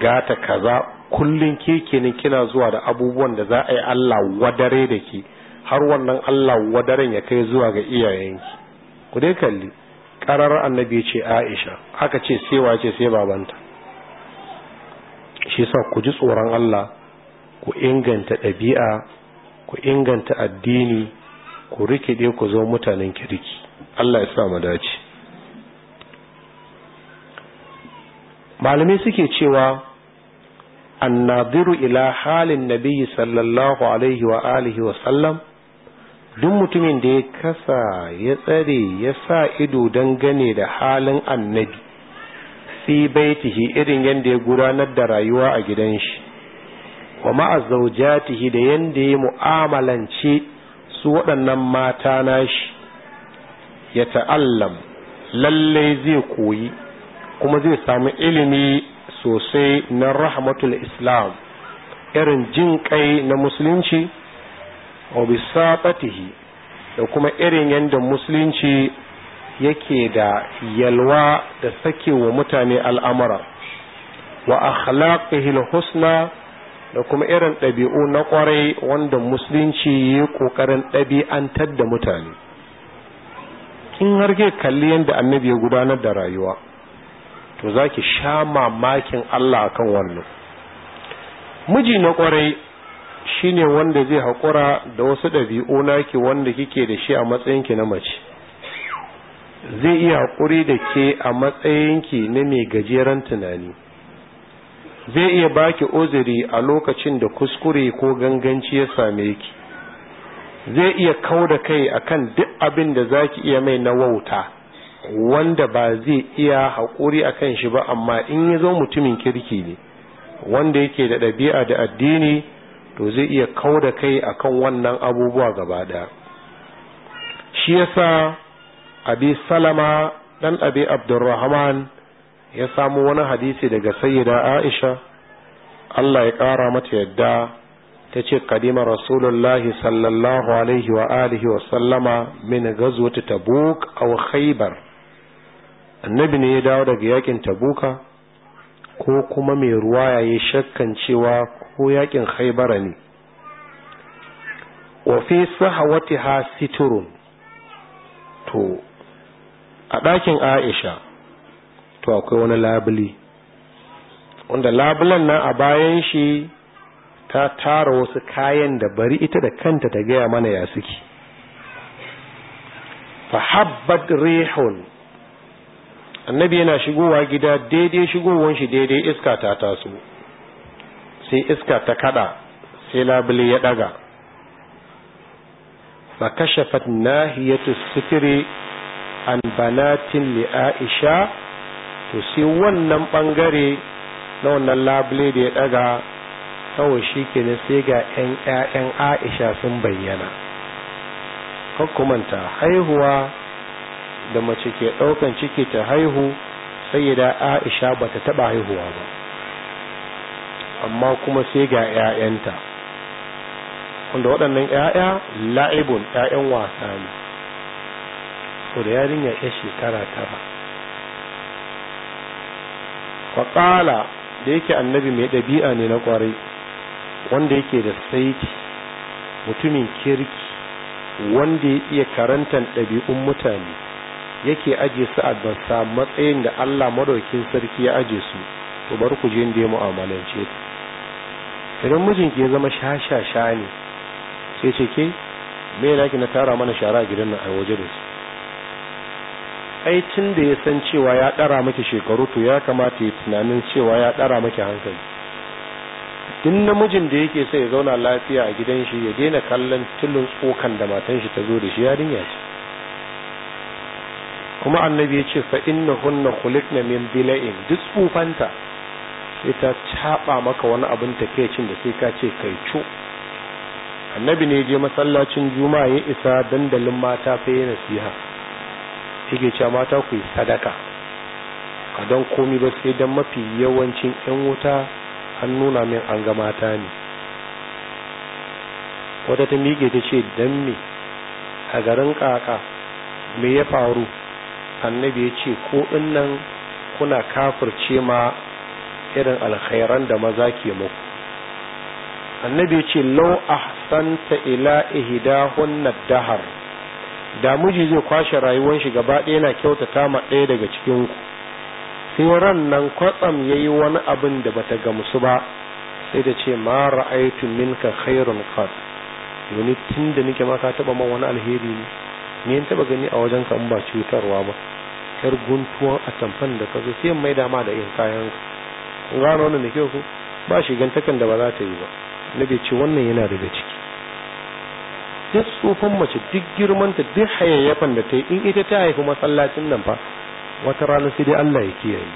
gata kaza kullum ke kenan kina zuwa da abubuwan da za a yi Allah wadare da ke har wannan Allah wadaren ya kai zuwa ga iyayenki ku dai kalli karar annabi ya ce Aisha aka ce sai wace sai babanta shi sa ku ji tsoron Allah ku inganta ɗabi'a ku inganta addini ku rikide ku zo mutanen kirki Allah ya sa mu dace malamai suke cewa annaziru ila halin nabi sallallahu alaihi wa alihi wa sallam duk mutumin da ya kasa ya tsare ya sa ido don gane da halin annabi fi baitihi irin yadda ya gudanar da rayuwa a gidan shi wa ma'a da yadda ya mu'amalance su waɗannan mata nashi ya ta'allam lallai zai koyi kuma zai samu ilimi sosai na rahmatul islam irin jin kai na musulunci obisabatihi da kuma irin yadda musulunci yake da yalwa da wa mutane al'amura wa akhlaqihil husna da kuma irin ɗabi'u na ƙwarai wanda musulunci ya yi ƙoƙarin ɗabi'antar da mutane in harge kalli yadda annabi ya gudanar da rayuwa to za ki sha mamakin Allah a kan wannan miji na kwarai ne wanda zai haƙura da wasu ɗabi'u naki wanda kike da shi a matsayinki na mace zai iya haƙuri da ke a matsayinki na mai gajeren tunani zai iya baki oziri a lokacin da kuskure ko ganganci ya same ki zai iya kau da kai akan duk abin da zaki iya mai na wauta wanda ba zai iya haƙuri a kan shi ba amma in ya zo mutumin kirki ne wanda yake da ɗabi'a da addini to zai iya kau da kai a kan wannan abubuwa gaba ɗaya shi yasa abi salama ɗan abi abdurrahman ya samu wani hadisi daga sayyida aisha allah ya ƙara mata yadda ta ce kadima rasulullahi sallallahu alaihi wa alihi wa sallama min gazwati tabuk aw khaybar annabi ne ya dawo daga yakin tabuka ko kuma mai ruwa ya yi shakkan cewa ko yakin haibara ne wafi sahawati ha siturun to a ɗakin aisha to akwai wani labuli wanda labulan nan a bayan shi ta tara wasu kayan da bari ita da kanta ta gaya mana ya suke fa habbat rihun annabi yana shigowa gida daidai shigowar shi daidai iska ta taso sai iska ta kada sai labule ya daga fa kashafat nahiyatu sitri an banatin li aisha to sai wannan bangare na wannan labule da ya daga kawai shi ne sai ga 'yan 'ya'yan aisha sun bayyana hukumanta haihuwa da mace ke ɗaukan ciki ta haihu sai da aisha bata ta taɓa haihuwa ba amma kuma sai ga 'ya'yanta wanda waɗannan 'ya'ya la'ibun 'ya'yan wasa ne so da yarinya ya shekara tara faƙala da yake annabi mai dabi'a ne na kwarai wanda yake da saiti mutumin kirki wanda ya iya karantan ɗabi'un mutane yake aje su a basa matsayin da Allah madaukin sarki ya aje su to bar ku je ya mu'amalance ta idan mijinki ya zama shashasha ne sai ce ke me naki na tara mana shara gidan nan a waje da su ai tun da ya san cewa ya dara maki shekaru to ya kamata ya tunanin cewa ya dara maki hankali duk namijin da yake sai ya zauna lafiya a gidan shi ya daina kallon tulun tsokan da matan shi ta zo da shi ya yarinya ce kuma annabi ya ce hunna innahunna khuliqna min bila’in duk tsufanta sai ta caba maka wani abin tafiyacin da sai ka ce kai cu annabi ne je masallacin juma'a ya isa dandalin mata fa yi nasiha ke cewa mata ku yi sadaka a don komi ba sai don mafi yawancin yan wuta an nuna min an ga mata ne wata ta miƙe ta ce don me a garin kaka me ya faru annabi ya ce ko in nan kuna kafirce ma irin alkhairan da maza ke muku annabi ya ce lau ahsanta ila ihdahunna dahar da miji zai kwashe rayuwar shi gaba ɗaya yana kyautata ma ɗaya daga cikin ku sai ran nan kwatsam yayi wani abin da bata gamsu ba sai da ce ma ra'aytu minka khairun qad yoni tunda nake ma ka taba man wani alheri ne me yin taba gani a wajen kan ba cutarwa ba yar guntuwan atamfan da ka zo sai mai dama da yin kayan ku gano wannan da kyau ku ba shigantakan da ba za ta yi ba na bai ce wannan yana daga ciki duk tsofan mace duk girmanta duk hayayyafan da ta yi in ita ta haifi masallacin nan fa wata rana sai dai Allah ya kiyaye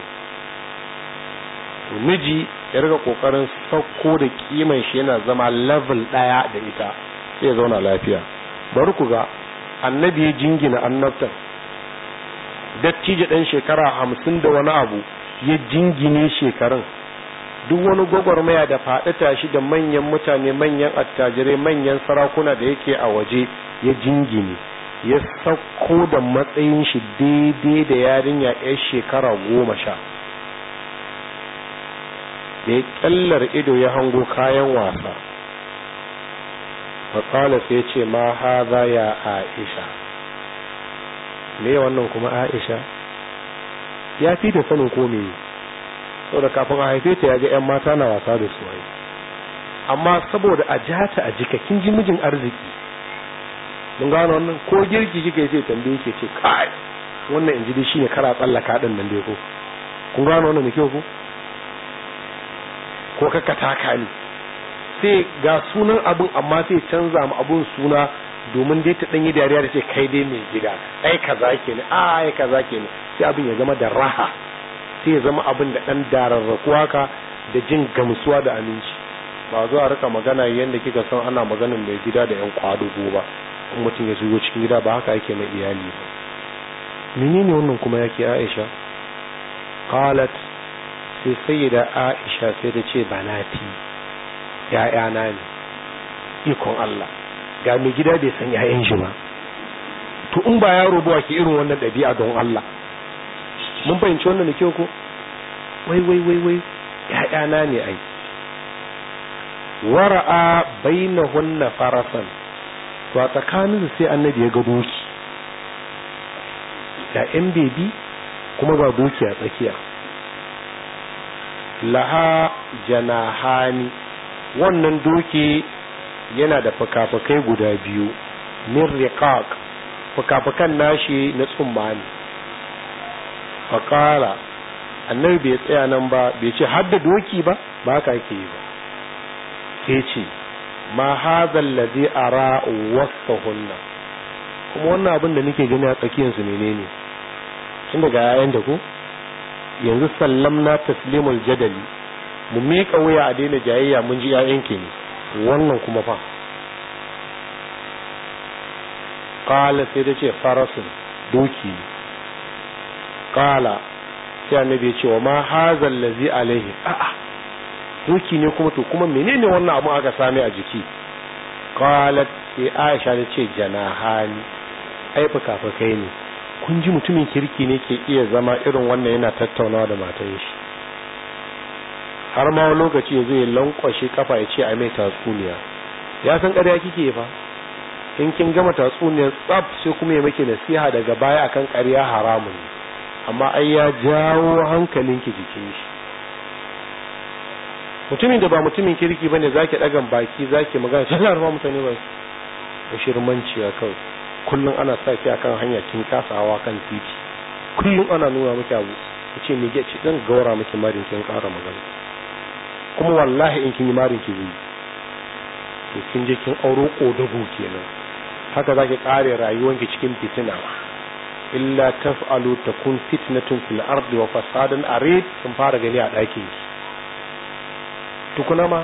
to miji ya riga kokarin sauko da kiman shi yana zama level daya da ita sai ya zauna lafiya bari ku ga annabi ya jingina annabtar dattijo ɗan shekara hamsin da wani abu ya jingine shekarun duk wani gwagwarmaya da faɗi tashi da manyan mutane manyan attajirai manyan sarakuna da yake a waje ya jingine ya sauko da matsayin shi daidai da yarinya 'yar shekara goma sha da ya ido ya hango kayan wasa faƙala sai ce ma haza ya aisha me wannan kuma aisha ya fi da sanin ko me saboda kafin a haife ta ya ga yan mata na wasa da su amma saboda a jata a jika kin ji mijin arziki mun gano wannan ko girki kika sai tambaye ke ce kai wannan in ji dai shine kara tsallaka din nan dai ko kun gano wannan da kyau ko ko kakka taka ni sai ga sunan abin amma sai canza mu abin suna domin dai ta danyi dariya da ce kai dai mai gida ai kaza kenan a ah, ai kaza kenan sai abin ya zama da raha sai ya zama abin da dan dararrakuwa ka da jin gamsuwa da aminci ba a rika magana yanda kika san ana maganin mai gida da yan kwadugo ba in mutum ya shigo cikin gida ba haka ake mai iyali ba menene wannan kuma yake Aisha qalat sai sayyida Aisha sai ta ce banati ‘ya'yana ne ikon Allah ga mai gida bai san ‘ya'yan shi ba to in ba yaro ba ke irin wannan ɗabi'a don Allah mun fahimci wannan da kyau ko wai wai wai wai ‘ya'yana ne ai wara'a bainahunna farasan to a tsakaninsu sai annabi ya ga doki ga ‘yan bebi kuma ba doki a tsakiya laha janahani wannan doki yana da fakafakai guda biyu min riqaq fakafakan nashi na tsumma ne faƙara annabi bai tsaya nan ba bai ce hadda doki ba ba ka ke yi ba Ke ce ma hazal ladhi ara wasfahunna kuma wannan abin da nake gani a tsakiyar su menene tun daga yayan da ku yanzu Sallam na taslimul jadali mu miƙa wuya a daina jayayya mun ji ƴaƴanki ne wannan kuma fa kala sai da ce farasin doki ne. kala sai annabi ya ce wa ma hazal lazi alaihi a'a doki ne kuma to kuma menene wannan abu aka same a jiki kala sai aisha ta ce jana hali ai fuka-fukai ne kun ji mutumin kirki ne ke iya zama irin wannan yana tattaunawa da matan shi har ma wani lokaci zai lankwashe kafa ya ce a mai tatsuniya ya san ƙarya kike fa in kin gama tatsuniyar tsaf sai kuma ya maki nasiha daga baya akan karya haramun amma ai ya jawo ki jikin shi mutumin da ba mutumin kirki bane zaki dagan baki zaki magana sai Allah mutane ba su shirmanci kan kullum ana sa ki akan hanya kin kasawa kan titi kullun ana nuna miki abu ce me ke ci dan gaura miki marin kin kara magana kuma wallahi in kin yi marin ki zai to kin je kin auro kodago kenan haka zaki kare rayuwanki cikin fitina illa taf'alu takun fitnatun fil ardi wa fasadan arid kin fara gani a ɗakin ki tukuna ma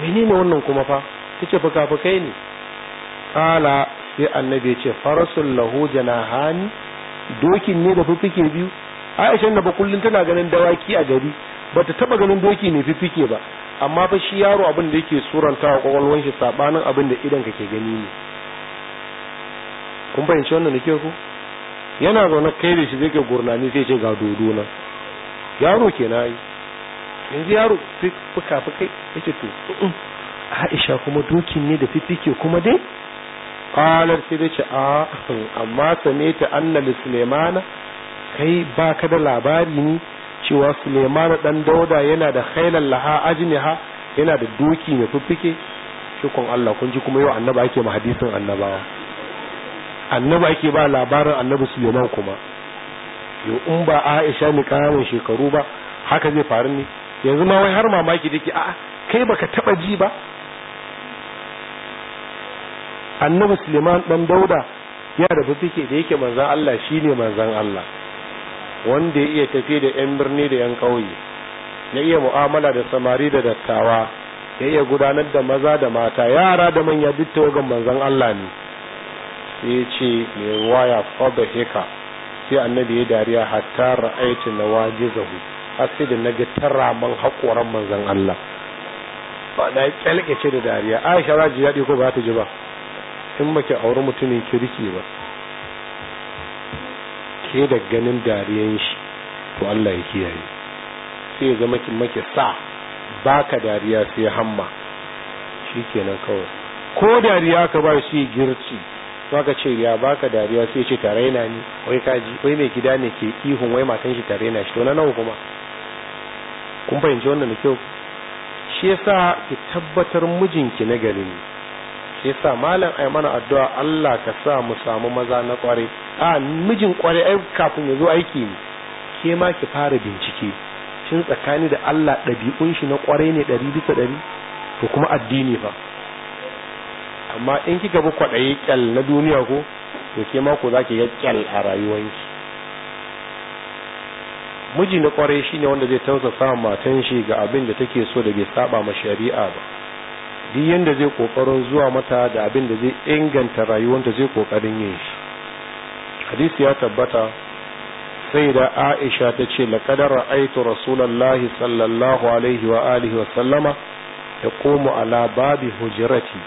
ma wannan kuma fa kike fuka fukai ne kala sai annabi ya ce farasul lahu janahani dokin ne da fufuke biyu aisha na ba kullun tana ganin dawaki a gari bata taba ganin doki ne fifike ba amma fa shi yaro abin da yake suranta wa kwakwalwan shi sabanin abin da idan ka ke gani ne kun fahimci wannan da ke ku yana zaune kai da shi zai ke gurnani zai ce ga dodo na yaro ke na yi yanzu yaro fuka fukai ya ce to aisha kuma dokin ne da fifike kuma dai kwanar sai da ce a amma same ta sulemana kai baka da labari ne cewa Suleiman dan Dauda yana da khailan laha ajniha yana da doki mai fiffike shukun Allah kun ji kuma yau annaba ake ma hadisin annabawa annaba ake ba labarin annabi Suleiman kuma yau in ba Aisha ne karamin shekaru ba haka zai faru ne yanzu ma wai har mamaki dake a'a kai baka taba ji ba annabi Suleiman dan Dauda yana da fiffike da yake manzon Allah shi ne manzon Allah wanda ya iya tafi da yan birni da yan ƙauye ya iya mu'amala da samari da dattawa ya iya gudanar da maza da mata yara da manya duk tawagan manzon Allah ne sai ya ce mai waya fada heka sai annabi ya dariya hatta na waje har haske da na naga taraman haƙoran manzon Allah ba da kyalkace da dariya Aisha za ji daɗi ko ba ta ji ba in baki auri mutumin kirki ba ke da ganin dariyan shi to Allah ya kiyaye sai ya zama kin make sa baka dariya sai hamma shikenan kawai ko dariya ka ba shi girci baka ce ya baka dariya sai ce tare na ni wai kaji wai mai gida ne ke ihun wai matan shi tare na shi to na nawa kuma kun fahimci wannan da kyau shi yasa ki tabbatar mijinki na gari ne shi yasa malam ai mana addu'a Allah ka sa mu samu maza na kware a mijin kware ai kafin ya zo aiki ne ke ma ki fara bincike shin tsakani da Allah ɗabi'un shi na kware ne ɗari bisa ɗari to kuma addini fa amma in kika bi kwaɗayi kyal na duniya ko to ke ma ko zaki ga kyal a rayuwanki miji na kware shine wanda zai tausa sa matan shi ga abin da take so da bai saba ma shari'a ba duk yanda zai kokarin zuwa mata da abin da zai inganta rayuwanta zai kokarin yin shi hadisi ya tabbata sai da aisha ta ce laqad ra'aytu rasulallahi sallallahu alaihi wa alihi wa sallama yaqumu ala babi hujrati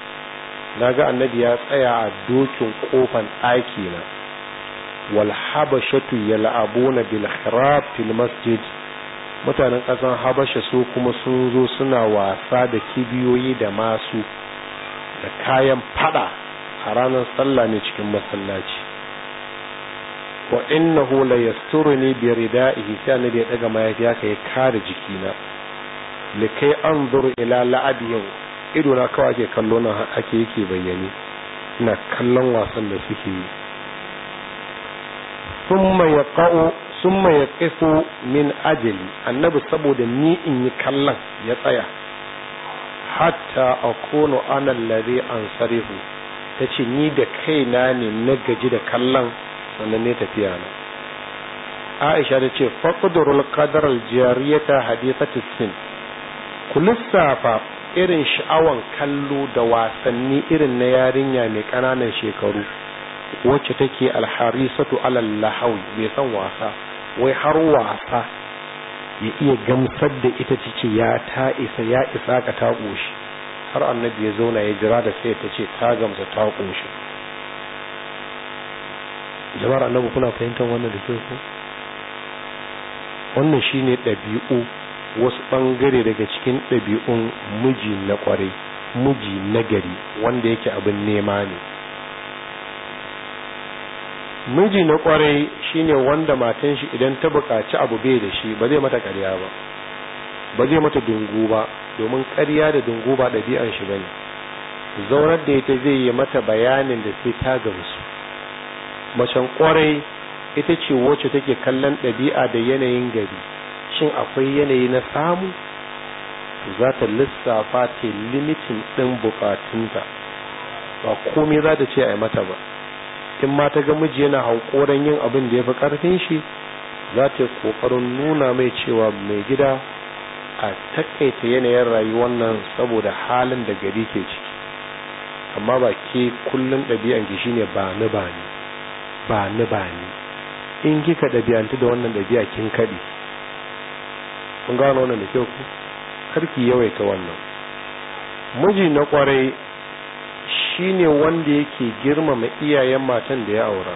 ga annabi ya tsaya a dokin kofan ɗaki na wal habashatu yal'abuna bil khirab fil masjid mutanen ƙasar habasha su kuma sun zo suna wasa da kibiyoyi da masu da kayan fada a ranar sallah ne cikin masallaci wa innahu la biyar bi ridaihi sai annabi ya daga mayafi haka ya kare jikina likai anzur ila la'abihim ido na kawai ake kallo na ake yake bayyane ina kallon wasan da suke yi thumma yaqa'u summa ya kaifo min ajali annabi saboda ni in yi kallon ya tsaya hatta a kono anan lare an sarihu ta ce ni da kaina ne na gaji da kallon sannan ne tafiya na aisha ta ce faƙudurul kadarar jariyata hadithatis sin ku lissafa irin sha'awan kallo da wasanni irin na yarinya mai ƙananan shekaru wacce take alharisatu alal lahawi mai son wasa wai har wasa ya iya gamsar da ita cike ya ta isa ya isa ka ta ƙoshi har annabi ya zauna ya jira da sai ta ce ta gamsa ta ƙoshi jama'ar annabi kuna fahimtar wannan da kyau wannan shine ɗabi'u wasu ɓangare daga cikin ɗabi'un miji na ƙwarai miji na gari wanda yake abin nema ne miji na kwarai shine wanda matan shi idan ta buƙaci abu bai da shi ba zai mata ƙarya ba ba zai mata dungu ba domin ƙarya da dungu ba ɗabi'an shi bane zaunar da ita zai yi mata bayanin da sai ta gamsu macen kwarai ita ce wacce take kallon ɗabi'a da yanayin gari shin akwai yanayi na samu za ta lissafa ta limitin ɗin bukatunta ba komai za ta ce a yi mata ba in ma ta ga miji yana hankoran yin abin da ya fi ƙarfin shi za ta kokarin nuna mai cewa mai gida a takaita yanayin rayuwar nan saboda halin da gari ke ciki amma ba ke kullum ɗabi'an ki shine ba ni ba ni ba ni ba ni in kika ɗabi'antu da wannan ɗabi'a kin kaɗi kun gano wannan da kyau ku karki yawaita wannan miji na kwarai shine wanda yake girmama iyayen matan da ya aura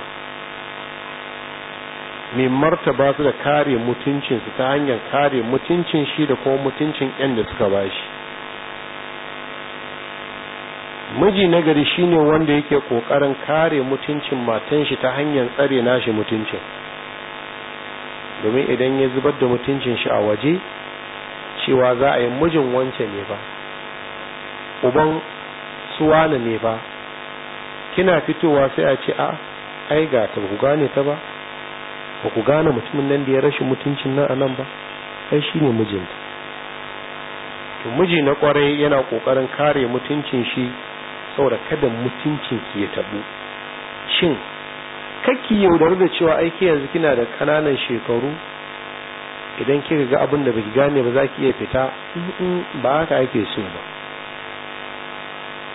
mai martaba su da kare mutuncinsu ta hanyar kare mutuncin shi da kuma mutuncin 'yan da suka ba bashi miji nagari shine wanda yake kokarin kare mutuncin matan shi ta hanyar tsare nashi mutuncin domin idan ya zubar da mutuncin shi a waje cewa za a yi mijin wance ne ba uban su na ne ba kina fitowa sai a ce a ai ga ta ku gane ta ba ba ku gane mutumin nan da ya rashin mutuncin nan a nan ba ai shi ne mijinta to miji na kwarai yana kokarin kare mutuncin shi saboda kada mutuncin ki ya tabu shin kakki yaudar da cewa aiki yanzu kina da kananan shekaru idan kika ga abin da baki gane ba za ki iya fita ba haka ake so ba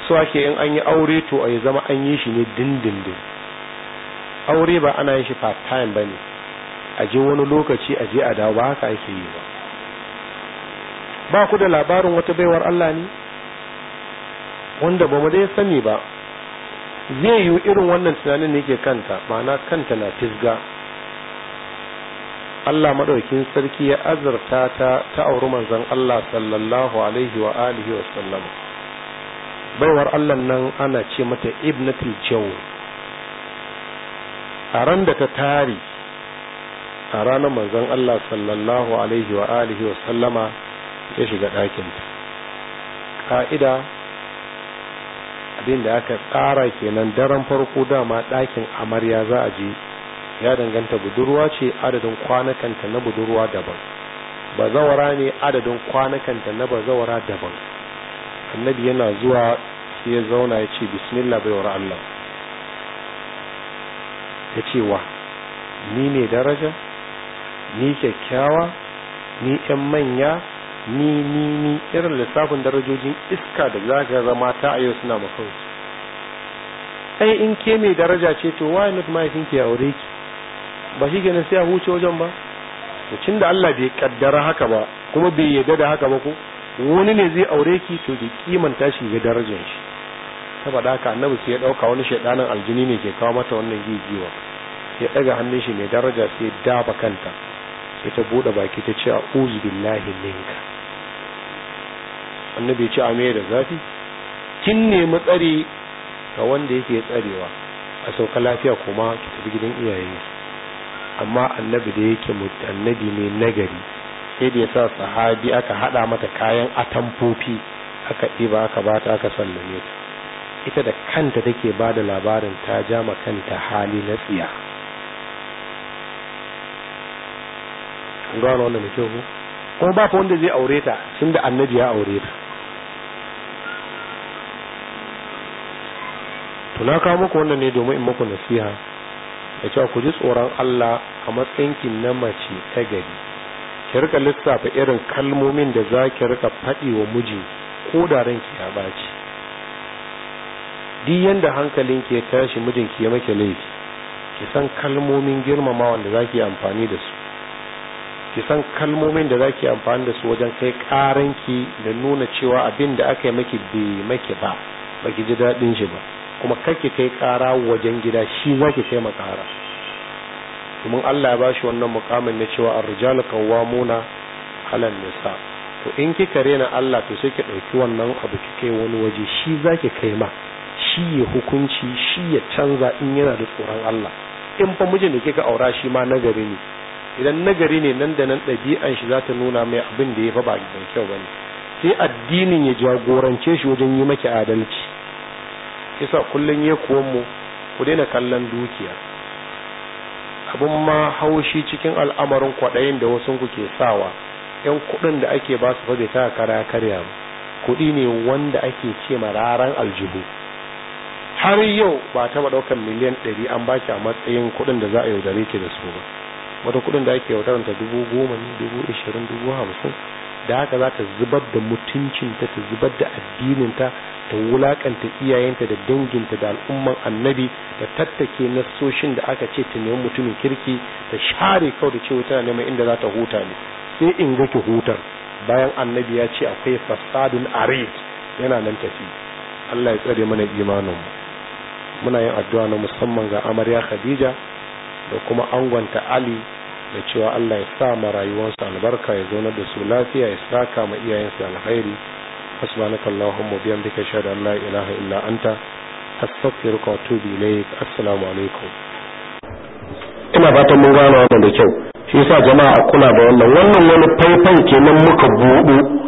so ake in an yi aure to a zama an yi shi ne dindindin aure ba ana yi shi part ba ne a je wani lokaci a je a dawo ba haka ake yi ba ba ku da labarin wata baiwar Allah ne wanda ba mu dai sani ba zai yi irin wannan tunanin ne ke kanta ma'ana kanta na fisga Allah madaukin sarki ya azurta ta ta auri manzon Allah sallallahu alaihi wa alihi wa sallam baiwar Allah nan ana ce mata ibnatul jawu a ran da ta tari a ranar manzon Allah sallallahu alaihi wa alihi wa sallama ya shiga ɗakinta ka'ida abin da aka tsara kenan daren farko dama ɗakin amarya za a je ya danganta budurwa ce adadin kwanakanta na budurwa daban bazawara ne adadin kwanakanta na bazawara daban annabi yana zuwa sai ya zauna ya ce bismillah wara Allah ta ce wa ni ne daraja ni kyakkyawa ni yan manya ni ni ni irin lissafin darajojin iska da za ka zama ta a yau suna makansu ai in ke mai daraja ce to why not mahaifin ki aure ki ba shi kenan sai a huce wajen ba cin da Allah bai kaddara haka ba kuma bai yadda da haka ba ko wani ne zai aure ki to da kimanta shi ga darajar shi saboda haka annabi sai ya dauka wani shedanin aljini ne ke kawo mata wannan gigiwa ya daga hannun shi mai daraja sai daba kanta sai ta bude baki ta ce a'udhu billahi minka annabi ya ce a da zafi kin nemi tsare ga wanda yake tsarewa a sauka lafiya kuma ki tafi gidan iyayenki amma annabi da yake annabi ne nagari sai da yasa sahabi aka hada mata kayan atamfofi aka ɗiba aka bata aka sallame ta ita da kanta take ba da labarin ta ja ma kanta hali na tsiya gano wanda mai kyau kuma ba wanda zai aure ta tun da annabi ya aure ta to kawo muku wannan ne domin in muku nasiha da cewa ku ji tsoron Allah a matsayinki na mace ta gari ki rika lissafa irin kalmomin da za ki rika faɗi wa miji ko da ranki ya ɓaci duk yadda hankalin ya tashi mijinki ya maki laifi ki san kalmomin girmama wanda za ki amfani da su ki san kalmomin da za ki amfani da su wajen kai ƙaranki da nuna cewa abin da aka yi maki bai maki ba baki ji daɗin shi ba kuma kake kai ƙara wajen gida shi za ki kai makara domin Allah ya bashi wannan mukamin na cewa ar-rijalu qawwamuna halan nisa to in kika rena Allah to sai ki dauki wannan abu ki kai wani waje shi zaki kai ma shi ya hukunci shi ya canza in yana da tsoron Allah in fa mijin da kika aura shi ma nagari ne idan nagari ne nan da nan ɗabi'an shi za ta nuna mai abin da ya fa ba da kyau ba ne sai addinin ya jagorance shi wajen yi maki adalci kisa kullum ya kuwan mu ku daina kallon dukiya abin ma haushi cikin al'amarin kwaɗayin da wasu ke sawa yan kuɗin da ake ba su faɗi ta kara karya ba kuɗi ne wanda ake ce ma raran aljihu har yau ba taɓa ɗaukar miliyan ɗari an ba ki a matsayin kuɗin da za a yaudare ki da su ba wata kuɗin da ake yaudarar ta dubu goma ne dubu ishirin dubu hamsin da haka za ta zubar da mutuncinta ta zubar da addininta ta wulakanta iyayenta da danginta da al'umman annabi da tattake nasoshin da aka ce ta neman mutumin kirki da share kawai da cewa tana neman inda za ta huta ne sai in ga ki hutar bayan annabi ya ce akwai fasadun arid yana nan tafi Allah ya tsare mana imanin mu muna yin addu'a na musamman ga amarya Khadija da kuma angonta Ali da cewa Allah ya sa ma rayuwarsu albarka ya zaunar da su lafiya ya saka ma iyayensu alkhairi subhanaka allahumma wa bihamdika ashhadu an la ilaha illa anta astaghfiruka wa atubu ilayk assalamu alaikum ina bata mun gano wannan da kyau shi yasa jama'a a kula da wannan wannan wani faifan kenan muka buɗu